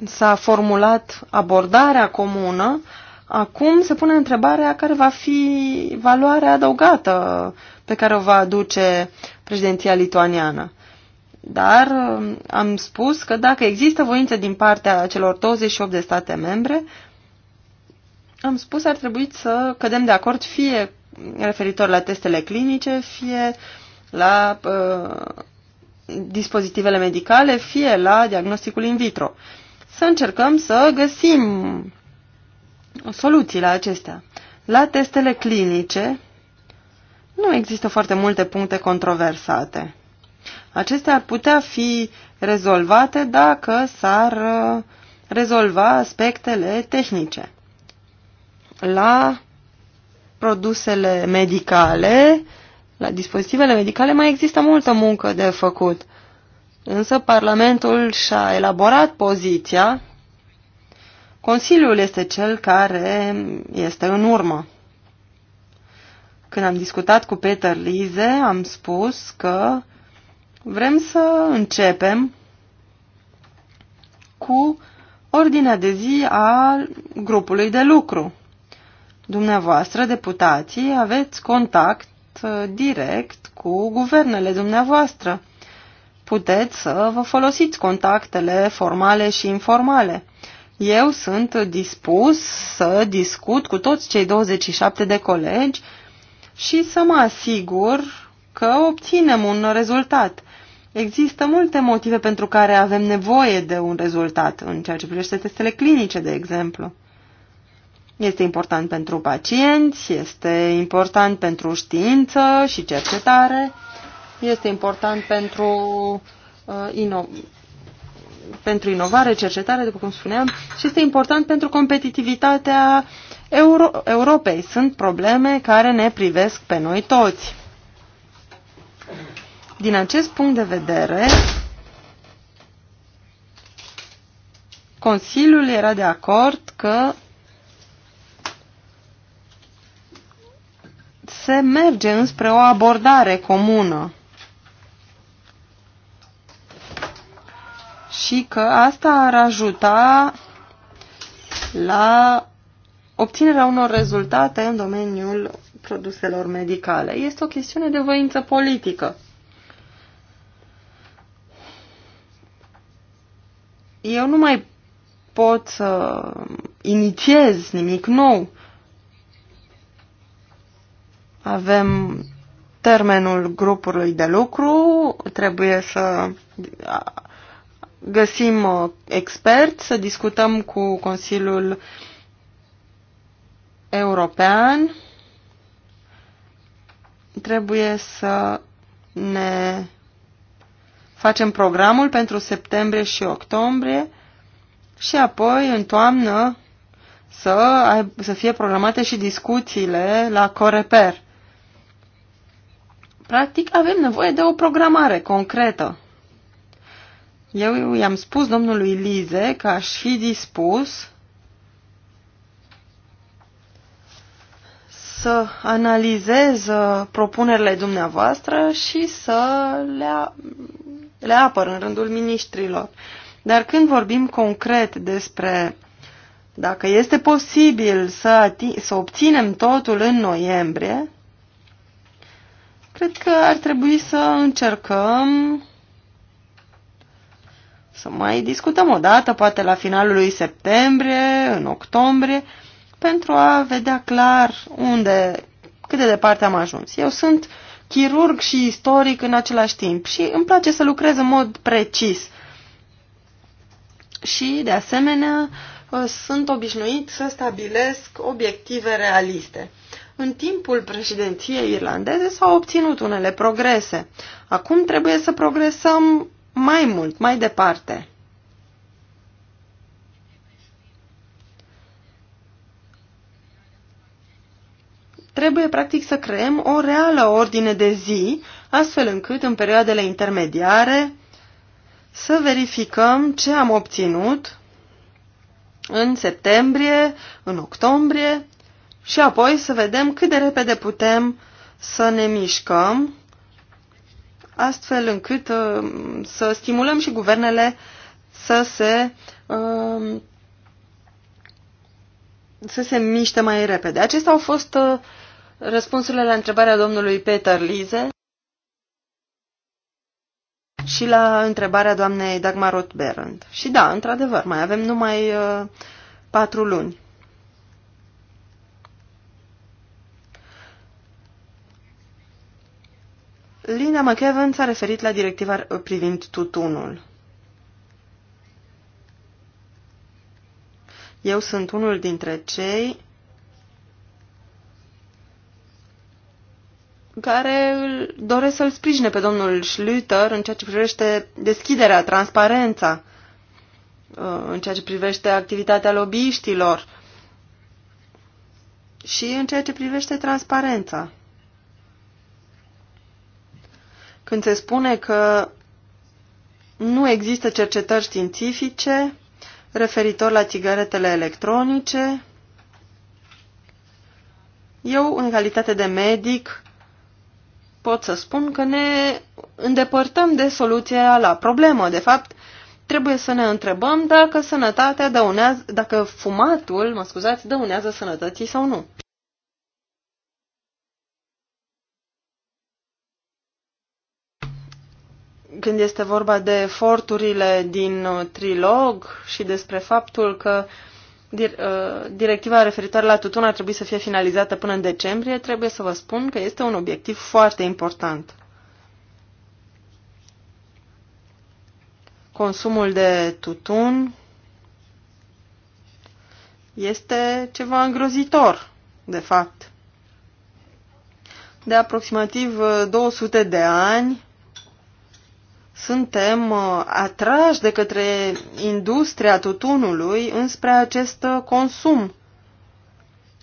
Speaker 1: s-a formulat abordarea comună, acum se pune întrebarea care va fi valoarea adăugată pe care o va aduce președinția lituaniană. Dar um, am spus că dacă există voință din partea celor 28 de state membre, am spus ar trebui să cădem de acord fie referitor la testele clinice, fie la uh, dispozitivele medicale, fie la diagnosticul in vitro. Uh, să încercăm să găsim soluții la acestea. La testele clinice nu există foarte multe puncte controversate. Acestea ar putea fi rezolvate dacă s-ar uh, rezolva aspectele tehnice. La produsele medicale, la dispozitivele medicale mai există multă muncă de făcut. Însă Parlamentul și-a elaborat poziția, Consiliul este cel care este în urmă. Când am discutat cu Peter Lize, am spus că vrem să începem cu ordinea de zi a grupului de lucru. Dumneavoastră, deputații, aveți contact uh, direct cu guvernele dumneavoastră puteți să vă folosiți contactele formale și informale. Eu sunt dispus să discut cu toți cei 27 de colegi și să mă asigur că obținem un rezultat. Există multe motive pentru care avem nevoie de un rezultat în ceea ce privește testele clinice, de exemplu. Este important pentru pacienți, este important pentru știință și cercetare este important pentru, uh, ino pentru inovare, cercetare, după cum spuneam, și este important pentru competitivitatea Euro Europei. Sunt probleme care ne privesc pe noi toți. Din acest punct de vedere, Consiliul era de acord că se merge înspre o abordare comună. și că asta ar ajuta la obținerea unor rezultate în domeniul produselor medicale. Este o chestiune de voință politică. Eu nu mai pot să inițiez nimic nou. Avem termenul grupului de lucru, trebuie să găsim uh, experți, să discutăm cu Consiliul European. Trebuie să ne facem programul pentru septembrie și octombrie și apoi în toamnă să, ai, să fie programate și discuțiile la Coreper. Practic avem nevoie de o programare concretă. Eu i-am spus domnului Lize că aș fi dispus să analizez propunerile dumneavoastră și să le, le apăr în rândul ministrilor. Dar când vorbim concret despre dacă este posibil să, să obținem totul în noiembrie, cred că ar trebui să încercăm să mai discutăm o dată, poate la finalul lui septembrie, în octombrie, pentru a vedea clar unde, cât de departe am ajuns. Eu sunt chirurg și istoric în același timp și îmi place să lucrez în mod precis. Și, de asemenea, sunt obișnuit să stabilesc obiective realiste. În timpul președinției irlandeze s-au obținut unele progrese. Acum trebuie să progresăm mai mult, mai departe. Trebuie practic să creăm o reală ordine de zi, astfel încât în perioadele intermediare să verificăm ce am obținut în septembrie, în octombrie și apoi să vedem cât de repede putem să ne mișcăm astfel încât uh, să stimulăm și guvernele să se uh, să se miște mai repede. Acestea au fost uh, răspunsurile la întrebarea domnului Peter Lize și la întrebarea doamnei Dagmar Rothberend. Și da, într-adevăr, mai avem numai uh, patru luni. Linda McEwan s-a referit la directiva privind tutunul. Eu sunt unul dintre cei care doresc să-l sprijine pe domnul Schlüter în ceea ce privește deschiderea, transparența, uh, în ceea ce privește activitatea lobbyiștilor și în ceea ce privește transparența. când se spune că nu există cercetări științifice referitor la țigaretele electronice. Eu, în calitate de medic, pot să spun că ne îndepărtăm de soluția la problemă. De fapt, trebuie să ne întrebăm dacă sănătatea dăunează, dacă fumatul, mă scuzați, dăunează sănătății sau nu. când este vorba de eforturile din uh, trilog și despre faptul că uh, directiva referitoare la tutun ar trebui să fie finalizată până în decembrie, trebuie să vă spun că este un obiectiv foarte important. Consumul de tutun este ceva îngrozitor, de fapt. De aproximativ 200 uh, de ani, suntem uh, atrași de către industria tutunului înspre acest uh, consum.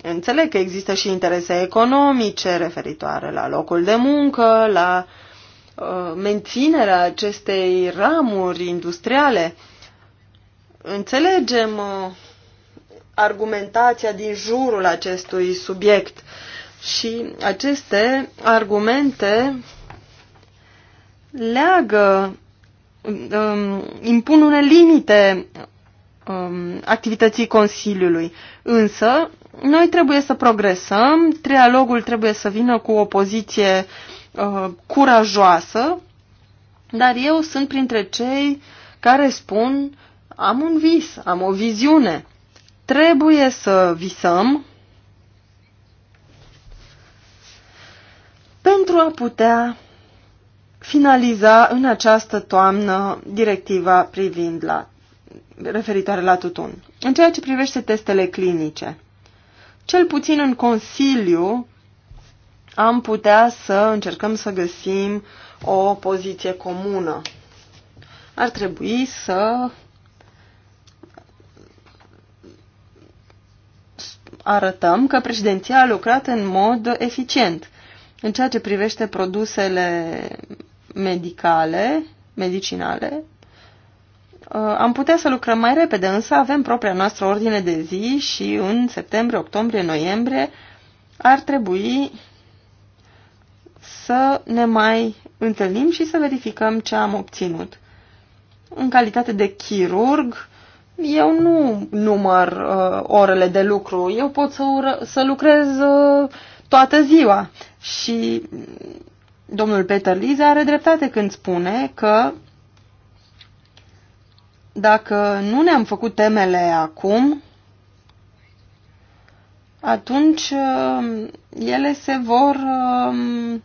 Speaker 1: Înțeleg că există și interese economice referitoare la locul de muncă, la uh, menținerea acestei ramuri industriale. Înțelegem argumentația din jurul acestui subiect și aceste argumente leagă, um, impun unele limite um, activității Consiliului. Însă, noi trebuie să progresăm, trialogul trebuie să vină cu o poziție uh, curajoasă, dar eu sunt printre cei care spun am un vis, am o viziune. Trebuie să visăm pentru a putea finaliza în această toamnă directiva privind la referitoare la tutun. În ceea ce privește testele clinice, cel puțin în Consiliu am putea să încercăm să găsim o poziție comună. Ar trebui să arătăm că președinția a lucrat în mod eficient în ceea ce privește produsele medicale, medicinale, uh, am putea să lucrăm mai repede, însă avem propria noastră ordine de zi și în septembrie, octombrie, noiembrie ar trebui să ne mai întâlnim și să verificăm ce am obținut. În calitate de chirurg, eu nu număr uh, orele de lucru, eu pot să, ură, să lucrez uh, toată ziua și domnul Peter Liza are dreptate când spune că dacă nu ne-am făcut temele acum, atunci uh, ele se vor, um,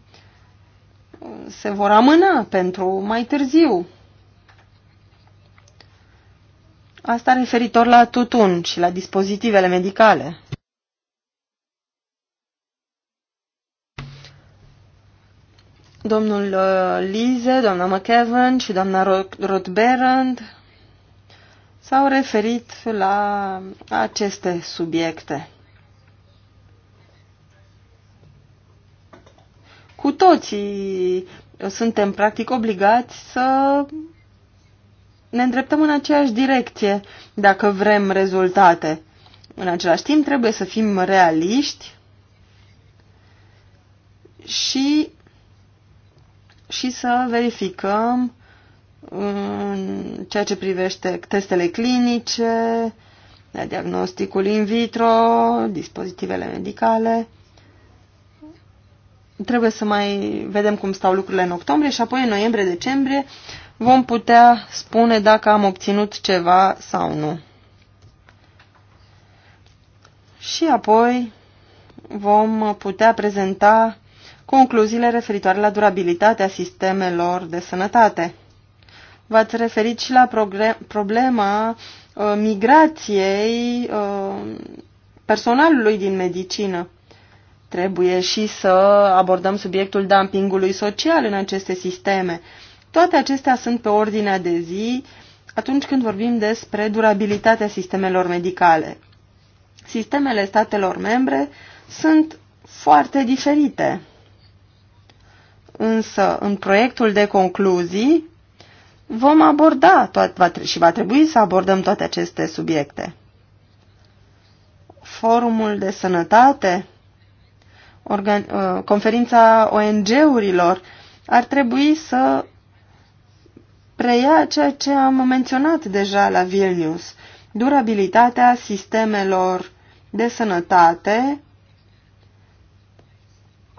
Speaker 1: se vor amâna pentru mai târziu. Asta referitor la tutun și la dispozitivele medicale. domnul uh, Lise, doamna McEvan și doamna Rothberend s-au referit la aceste subiecte. Cu toții suntem practic obligați să ne îndreptăm în aceeași direcție dacă vrem rezultate. În același timp trebuie să fim realiști și și să verificăm în mm, ceea ce privește testele clinice, diagnosticul in vitro, dispozitivele medicale. Trebuie să mai vedem cum stau lucrurile în octombrie și apoi în noiembrie-decembrie vom putea spune dacă am obținut ceva sau nu. Și apoi vom putea prezenta concluziile referitoare la durabilitatea sistemelor de sănătate. V-ați referit și la problema uh, migrației uh, personalului din medicină. Trebuie și să abordăm subiectul dumpingului social în aceste sisteme. Toate acestea sunt pe ordinea de zi atunci când vorbim despre durabilitatea sistemelor medicale. Sistemele statelor membre sunt foarte diferite. Însă, în proiectul de concluzii, vom aborda toate, va, și va trebui să abordăm toate aceste subiecte. Forumul de sănătate, organ, uh, conferința ONG-urilor, ar trebui să preia ceea ce am menționat deja la Vilnius, durabilitatea sistemelor de sănătate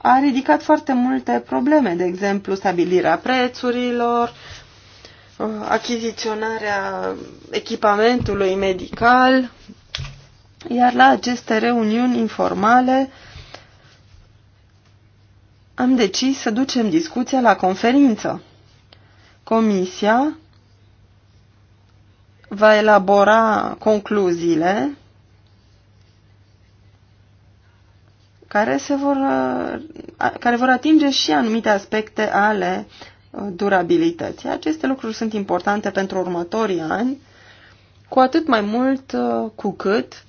Speaker 1: a ridicat foarte multe probleme, de exemplu stabilirea prețurilor, achiziționarea echipamentului medical, iar la aceste reuniuni informale am decis să ducem discuția la conferință. Comisia va elabora concluziile care, se vor, care vor atinge și anumite aspecte ale uh, durabilității. Aceste lucruri sunt importante pentru următorii ani, cu atât mai mult uh, cu cât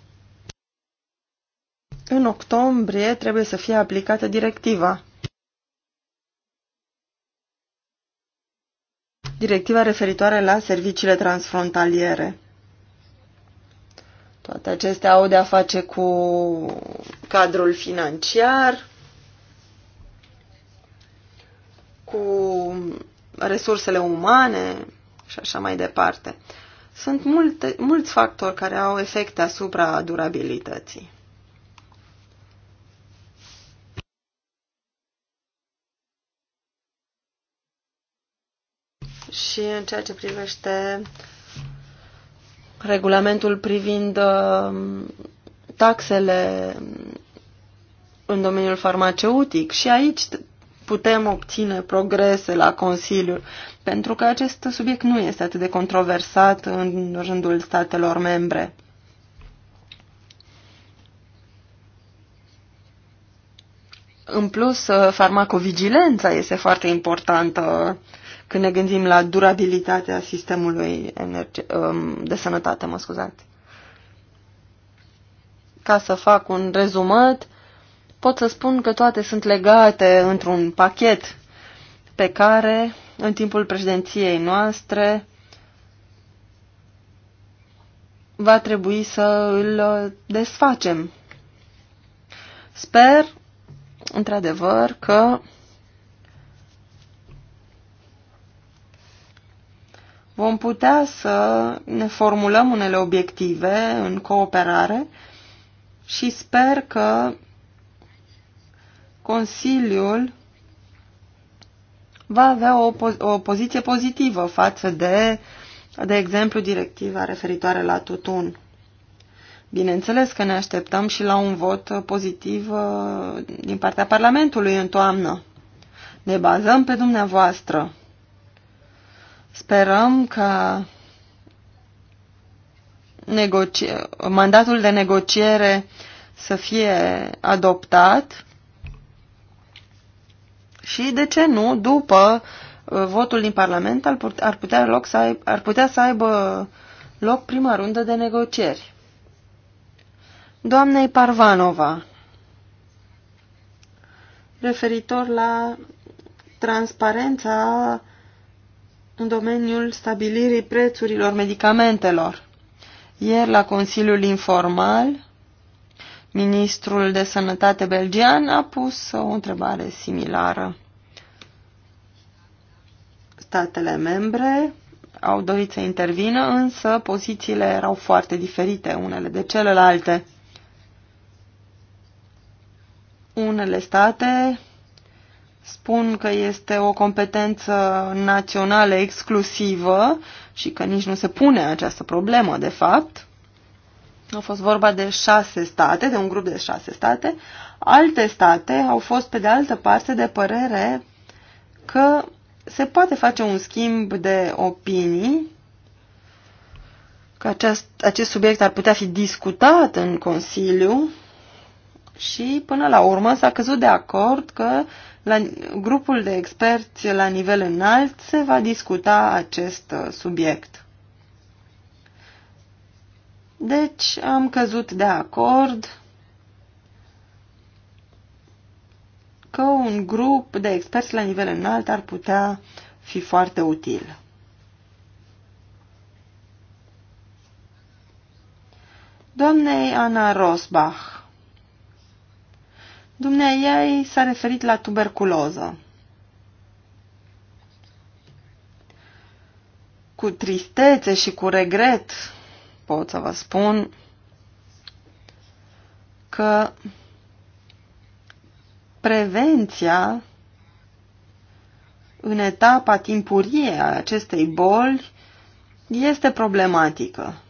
Speaker 1: în octombrie trebuie să fie aplicată directiva. Directiva referitoare la serviciile transfrontaliere. Toate acestea au de-a face cu cadrul financiar, cu resursele umane și așa mai departe. Sunt multe, mulți factori care au efecte asupra durabilității. Și în ceea ce privește regulamentul privind uh, taxele în domeniul farmaceutic și aici putem obține progrese la Consiliu, pentru că acest subiect nu este atât de controversat în rândul statelor membre. În plus, uh, farmacovigilența este foarte importantă uh, când ne gândim la durabilitatea sistemului um, de sănătate, mă scuzați. Ca să fac un rezumat, pot să spun că toate sunt legate într-un pachet pe care, în timpul președinției noastre, va trebui să îl desfacem. Sper, într-adevăr, că vom putea să ne formulăm unele obiective în cooperare și sper că Consiliul va avea o, o poziție pozitivă față de, de exemplu, directiva referitoare la tutun. Bineînțeles că ne așteptăm și la un vot pozitiv uh, din partea Parlamentului în toamnă. Ne bazăm pe dumneavoastră. Sperăm că mandatul de negociere să fie adoptat și, de ce nu, după uh, votul din Parlament ar putea, loc să aibă, ar putea să aibă loc prima rundă de negocieri. Doamnei Parvanova, referitor la transparența în domeniul stabilirii prețurilor medicamentelor. Ieri, la Consiliul Informal, ministrul de sănătate belgian a pus o întrebare similară. Statele membre au dorit să intervină, însă pozițiile erau foarte diferite unele de celelalte. Unele state spun că este o competență națională exclusivă și că nici nu se pune această problemă, de fapt. A fost vorba de șase state, de un grup de șase state. Alte state au fost, pe de altă parte, de părere că se poate face un schimb de opinii, că acest, acest subiect ar putea fi discutat în Consiliu, și până la urmă s-a căzut de acord că la grupul de experți la nivel înalt se va discuta acest uh, subiect. Deci am căzut de acord că un grup de experți la nivel înalt ar putea fi foarte util. Doamnei Ana Rosbach Dumnea ei s-a referit la tuberculoză. Cu tristețe și cu regret pot să vă spun că prevenția în etapa timpurie a acestei boli este problematică.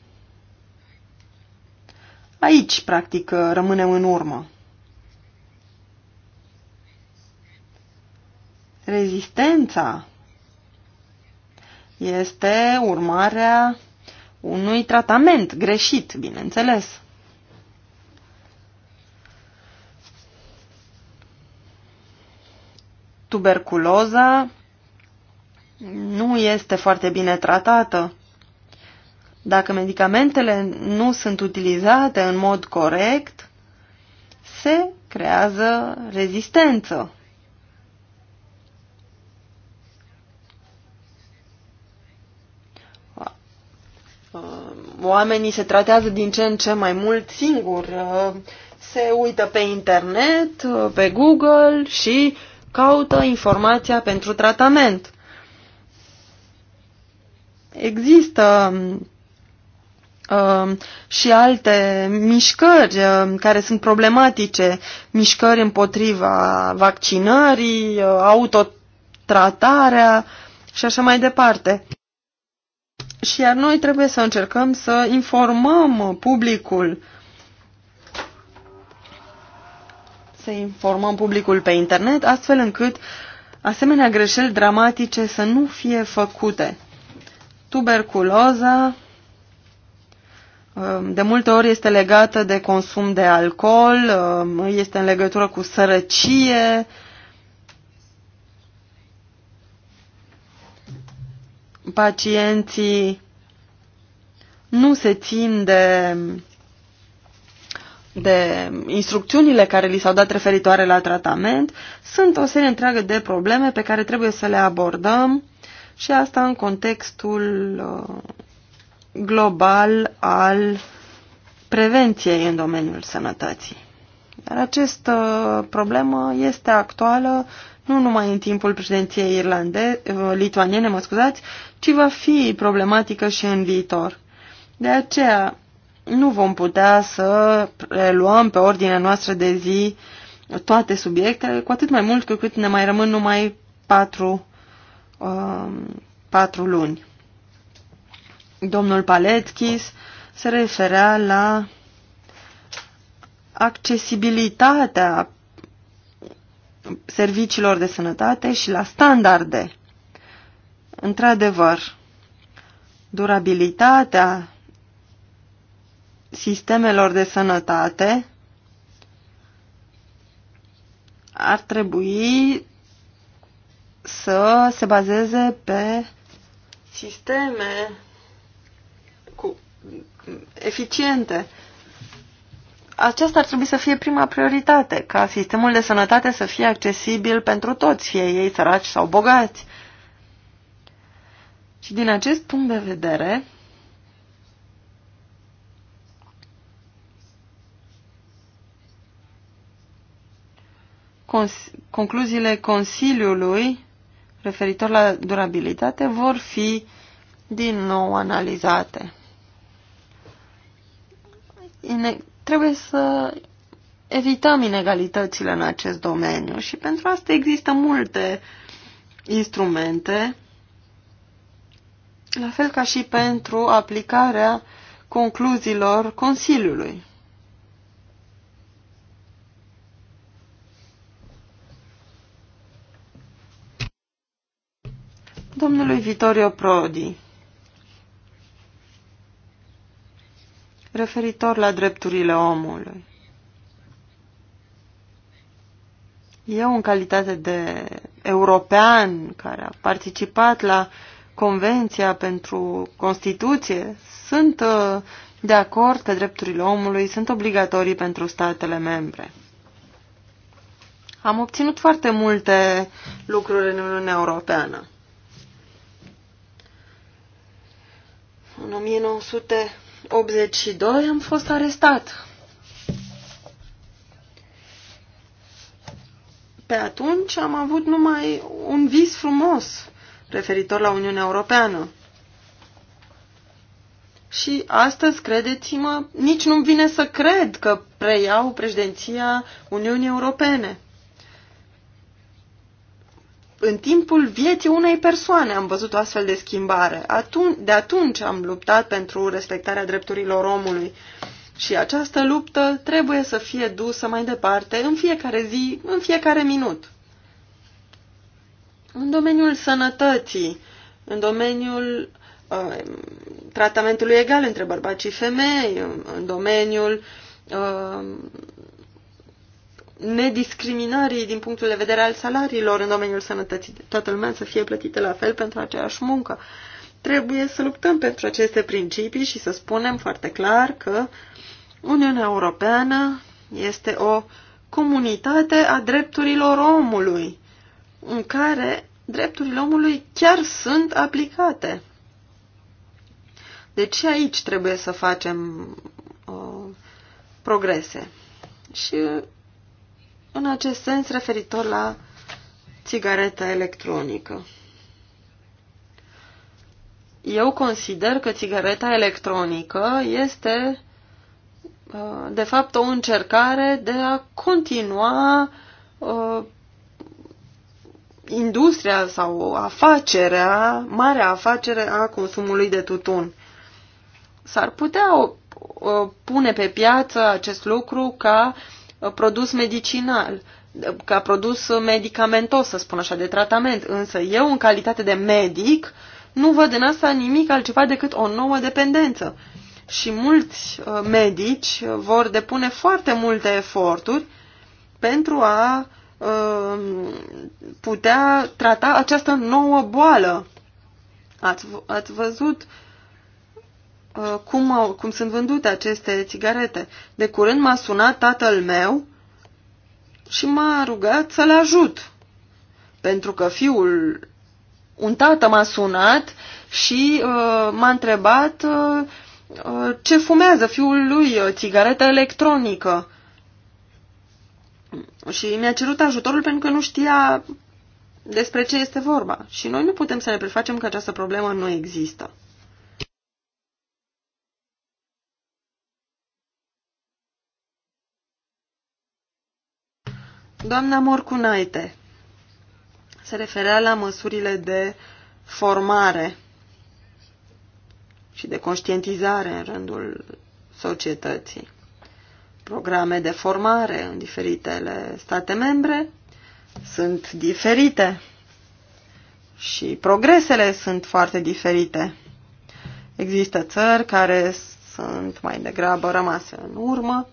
Speaker 1: Aici, practic, rămânem în urmă. Rezistența este urmarea unui tratament greșit, bineînțeles. Tuberculoza nu este foarte bine tratată. Dacă medicamentele nu sunt utilizate în mod corect, se creează rezistență. oamenii se tratează din ce în ce mai mult singur, uh, Se uită pe internet, uh, pe Google și caută informația pentru tratament. Există um, și alte mișcări uh, care sunt problematice, mișcări împotriva vaccinării, autotratarea și așa mai departe. Și iar noi trebuie să încercăm să informăm publicul să informăm publicul pe internet, astfel încât asemenea greșeli dramatice să nu fie făcute. Tuberculoza um, de multe ori este legată de consum de alcool, um, este în legătură cu sărăcie, pacienții nu se țin de, de instrucțiunile care li s-au dat referitoare la tratament, sunt o serie întreagă de probleme pe care trebuie să le abordăm și asta în contextul uh, global al prevenției în domeniul sănătății. Dar această problemă este actuală nu numai în timpul președinției irlande, uh, lituaniene, mă scuzați, ci va fi problematică și în viitor. De aceea nu vom putea să preluăm pe ordinea noastră de zi toate subiectele, cu atât mai mult cu cât ne mai rămân numai patru, um, patru luni. Domnul Paletchis se referea la accesibilitatea serviciilor de sănătate și la standarde. Într-adevăr, durabilitatea sistemelor de sănătate ar trebui să se bazeze pe sisteme cu, eficiente aceasta ar trebui să fie prima prioritate, ca sistemul de sănătate să fie accesibil pentru toți, fie ei săraci sau bogați. Și din acest punct de vedere, concluziile Consiliului referitor la durabilitate vor fi din nou analizate. Trebuie să evităm inegalitățile în acest domeniu și pentru asta există multe instrumente, la fel ca și pentru aplicarea concluziilor Consiliului. Domnului Vittorio Prodi. referitor la drepturile omului. Eu, în calitate de european care a participat la Convenția pentru Constituție, sunt uh, de acord că drepturile omului sunt obligatorii pentru statele membre. Am obținut foarte multe lucruri în Uniunea Europeană. În 1900 82 am fost arestat. Pe atunci am avut numai un vis frumos referitor la Uniunea Europeană. Și astăzi, credeți-mă, nici nu-mi vine să cred că preiau președinția Uniunii Europene în timpul vieții unei persoane am văzut o astfel de schimbare. Atun de atunci am luptat pentru respectarea drepturilor omului. Și această luptă trebuie să fie dusă mai departe în fiecare zi, în fiecare minut. În domeniul sănătății, în domeniul uh, tratamentului egal între bărbați și femei, în, în domeniul uh, nediscriminării din punctul de vedere al salariilor în domeniul sănătății. Toată lumea să fie plătită la fel pentru aceeași muncă. Trebuie să luptăm pentru aceste principii și să spunem foarte clar că Uniunea Europeană este o comunitate a drepturilor omului, în care drepturile omului chiar sunt aplicate. Deci și aici trebuie să facem uh, progrese. Și în acest sens referitor la țigareta electronică. Eu consider că țigareta electronică este uh, de fapt o încercare de a continua uh, industria sau afacerea, marea afacere a consumului de tutun. S-ar putea uh, uh, pune pe piață acest lucru ca Uh, produs medicinal, uh, ca produs medicamentos, să spun așa, de tratament. Însă eu, în calitate de medic, nu văd în asta nimic altceva decât o nouă dependență. Și mulți uh, medici vor depune foarte multe eforturi pentru a putea trata această nouă boală. Ați, ați văzut Uh, cum, au, cum sunt vândute aceste țigarete. De curând m-a sunat tatăl meu și m-a rugat să-l ajut. Pentru că fiul, un tată m-a sunat și uh, m-a întrebat uh, uh ce fumează fiul lui, o uh, țigaretă electronică. Și mi-a cerut ajutorul pentru că nu știa despre ce este vorba. Și noi nu putem să ne prefacem că această problemă nu există. Doamna Morcunaite se referea la măsurile de formare și de conștientizare în rândul societății. Programe de formare în diferitele state membre sunt diferite și progresele sunt foarte diferite. Există țări care sunt mai degrabă rămase în urmă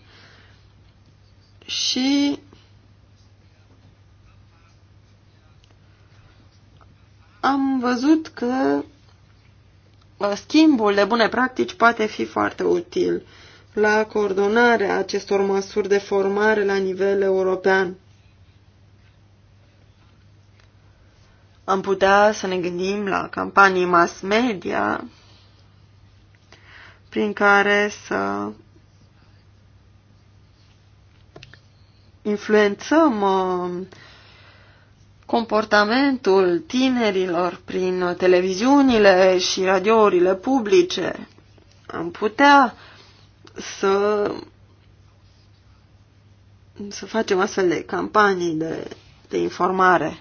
Speaker 1: și am văzut că uh, schimbul de bune practici poate fi foarte util la coordonarea acestor măsuri de formare la nivel european. Am putea să ne gândim la campanii mass media prin care să influențăm uh, comportamentul tinerilor prin televiziunile și radiourile publice, am putea să, să facem astfel de campanii de, de informare.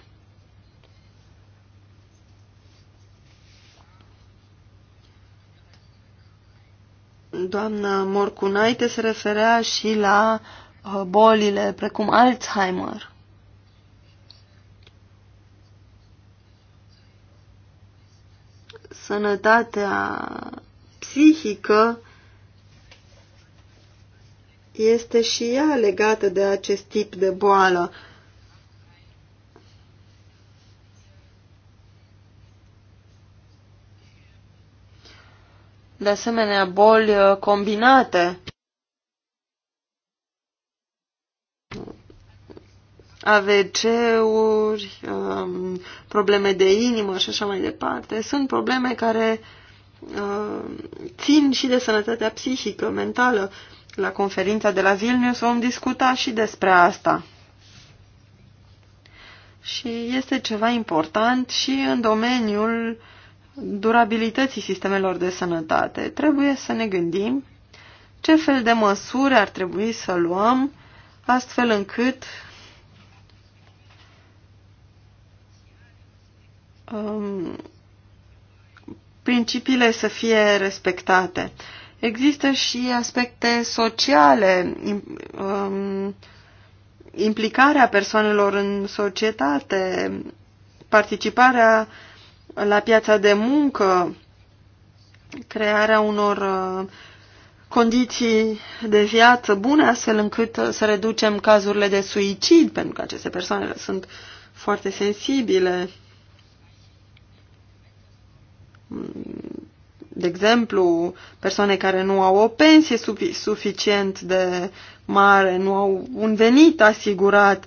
Speaker 1: Doamna Morcunaite se referea și la uh, bolile precum Alzheimer. sănătatea psihică este și ea legată de acest tip de boală. De asemenea, boli combinate AVC-uri, um, probleme de inimă și așa mai departe, sunt probleme care um, țin și de sănătatea psihică, mentală. La conferința de la Vilnius vom discuta și despre asta. Și este ceva important și în domeniul durabilității sistemelor de sănătate. Trebuie să ne gândim ce fel de măsuri ar trebui să luăm astfel încât um, principiile să fie respectate. Există și aspecte sociale, um, implicarea persoanelor în societate, participarea la piața de muncă, crearea unor uh, condiții de viață bune, astfel încât să reducem cazurile de suicid, pentru că aceste persoane sunt foarte sensibile de exemplu, persoane care nu au o pensie suficient de mare, nu au un venit asigurat,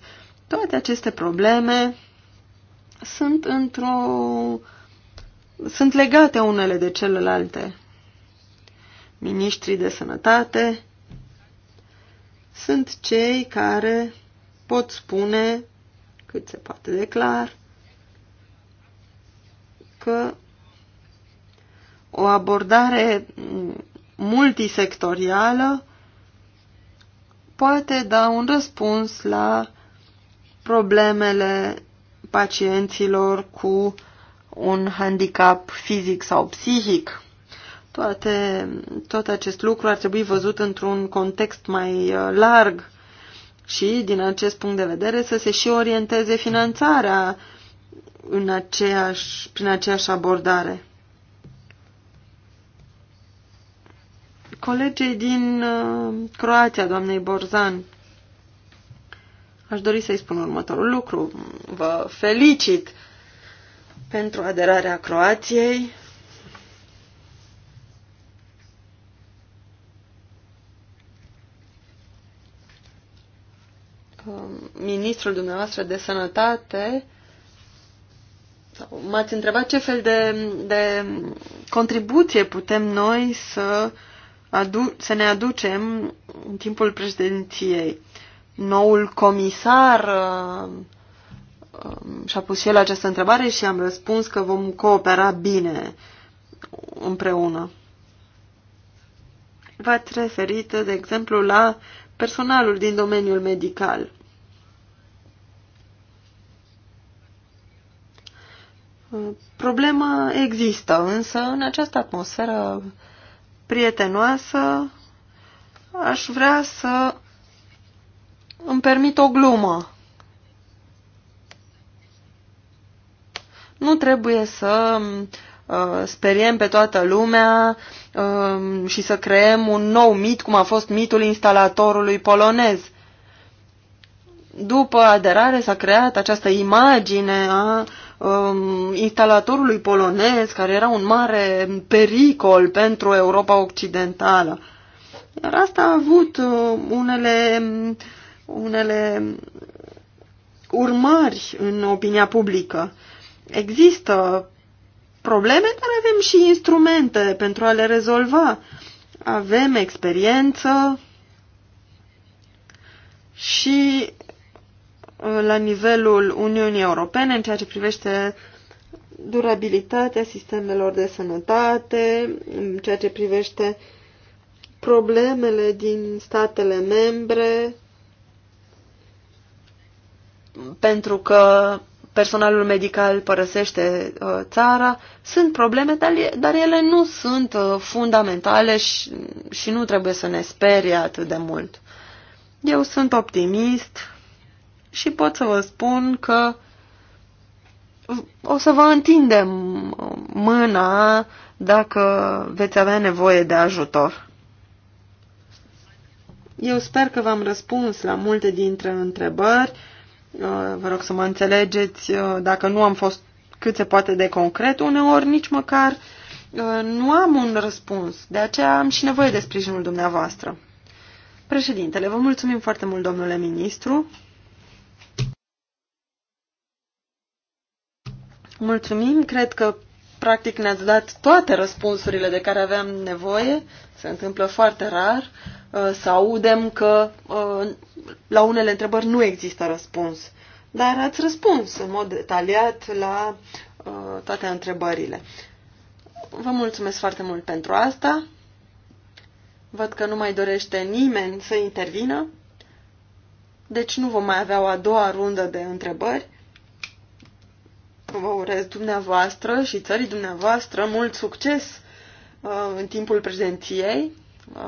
Speaker 1: toate aceste probleme sunt într-o sunt legate unele de celelalte. Ministrii de sănătate sunt cei care pot spune cât se poate de clar că o abordare multisectorială poate da un răspuns la problemele pacienților cu un handicap fizic sau psihic. Toate, tot acest lucru ar trebui văzut într-un context mai uh, larg și, din acest punct de vedere, să se și orienteze finanțarea în aceeași, prin aceeași abordare. colegei din uh, Croația, doamnei Borzan, aș dori să-i spun următorul lucru. Vă felicit pentru aderarea Croației. Uh, ministrul dumneavoastră de Sănătate m-ați întrebat ce fel de, de contribuție putem noi să uh, adu să ne aducem în timpul președinției. Noul comisar uh, um, și-a pus și el această întrebare și am răspuns că vom coopera bine împreună. V-ați referit, de exemplu, la personalul din domeniul medical. Uh, problema există, însă, în această atmosferă prietenoasă, aș vrea să îmi permit o glumă. Nu trebuie să uh, speriem pe toată lumea uh, și să creăm un nou mit, cum a fost mitul instalatorului polonez. După aderare s-a creat această imagine a um, instalatorului polonez, care era un mare pericol pentru Europa Occidentală. Iar asta a avut uh, unele, unele urmări în opinia publică. Există probleme, dar avem și instrumente pentru a le rezolva. Avem experiență și la nivelul Uniunii Europene în ceea ce privește durabilitatea sistemelor de sănătate, în ceea ce privește problemele din statele membre, pentru că personalul medical părăsește uh, țara, sunt probleme, dar ele nu sunt uh, fundamentale și, și nu trebuie să ne sperie atât de mult. Eu sunt optimist, și pot să vă spun că o să vă întindem mâna dacă veți avea nevoie de ajutor. Eu sper că v-am răspuns la multe dintre întrebări. Uh, vă rog să mă înțelegeți uh, dacă nu am fost cât se poate de concret, uneori nici măcar uh, nu am un răspuns. De aceea am și nevoie de sprijinul dumneavoastră. Președintele, vă mulțumim foarte mult, domnule ministru. Mulțumim, cred că practic ne-ați dat toate răspunsurile de care aveam nevoie. Se întâmplă foarte rar uh, să audem că uh, la unele întrebări nu există răspuns. Dar ați răspuns în mod detaliat la uh, toate întrebările. Vă mulțumesc foarte mult pentru asta. Văd că nu mai dorește nimeni să intervină. Deci nu vom mai avea o a doua rundă de întrebări. Vă urez dumneavoastră și țării dumneavoastră mult succes uh, în timpul prezenției.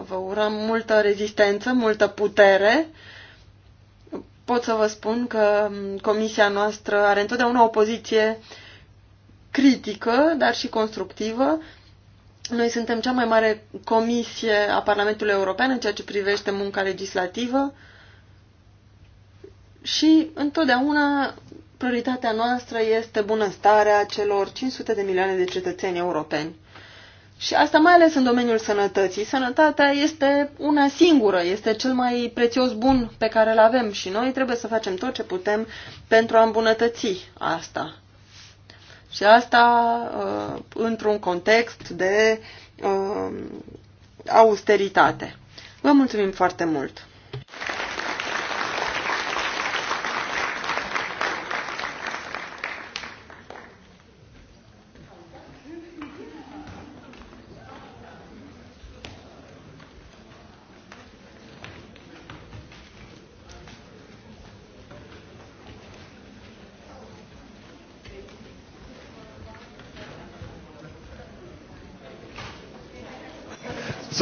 Speaker 1: Vă urăm multă rezistență, multă putere. Pot să vă spun că um, comisia noastră are întotdeauna o poziție critică, dar și constructivă. Noi suntem cea mai mare comisie a Parlamentului European în ceea ce privește munca legislativă și întotdeauna Prioritatea noastră este bunăstarea celor 500 de milioane de cetățeni europeni. Și asta mai ales în domeniul sănătății. Sănătatea este una singură, este cel mai prețios bun pe care îl avem și noi trebuie să facem tot ce putem pentru a îmbunătăți asta. Și asta uh, într-un context de uh, austeritate. Vă mulțumim foarte mult!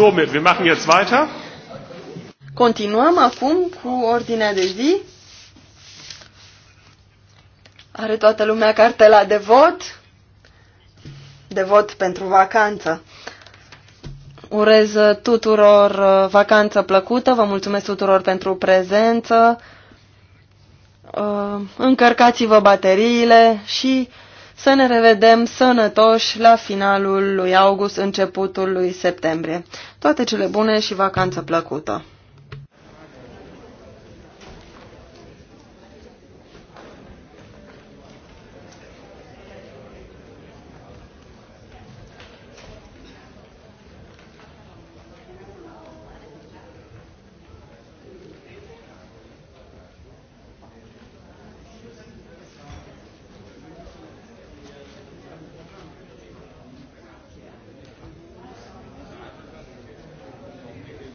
Speaker 2: Somit, wir machen jetzt weiter.
Speaker 1: Continuăm acum cu ordinea de zi. Are toată lumea cartela de vot? De vot pentru vacanță. Urez tuturor uh, vacanță plăcută, vă mulțumesc tuturor pentru prezență uh, încărcați-vă bateriile și să ne revedem sănătoși la finalul lui august, începutul lui septembrie. Toate cele bune și vacanță plăcută!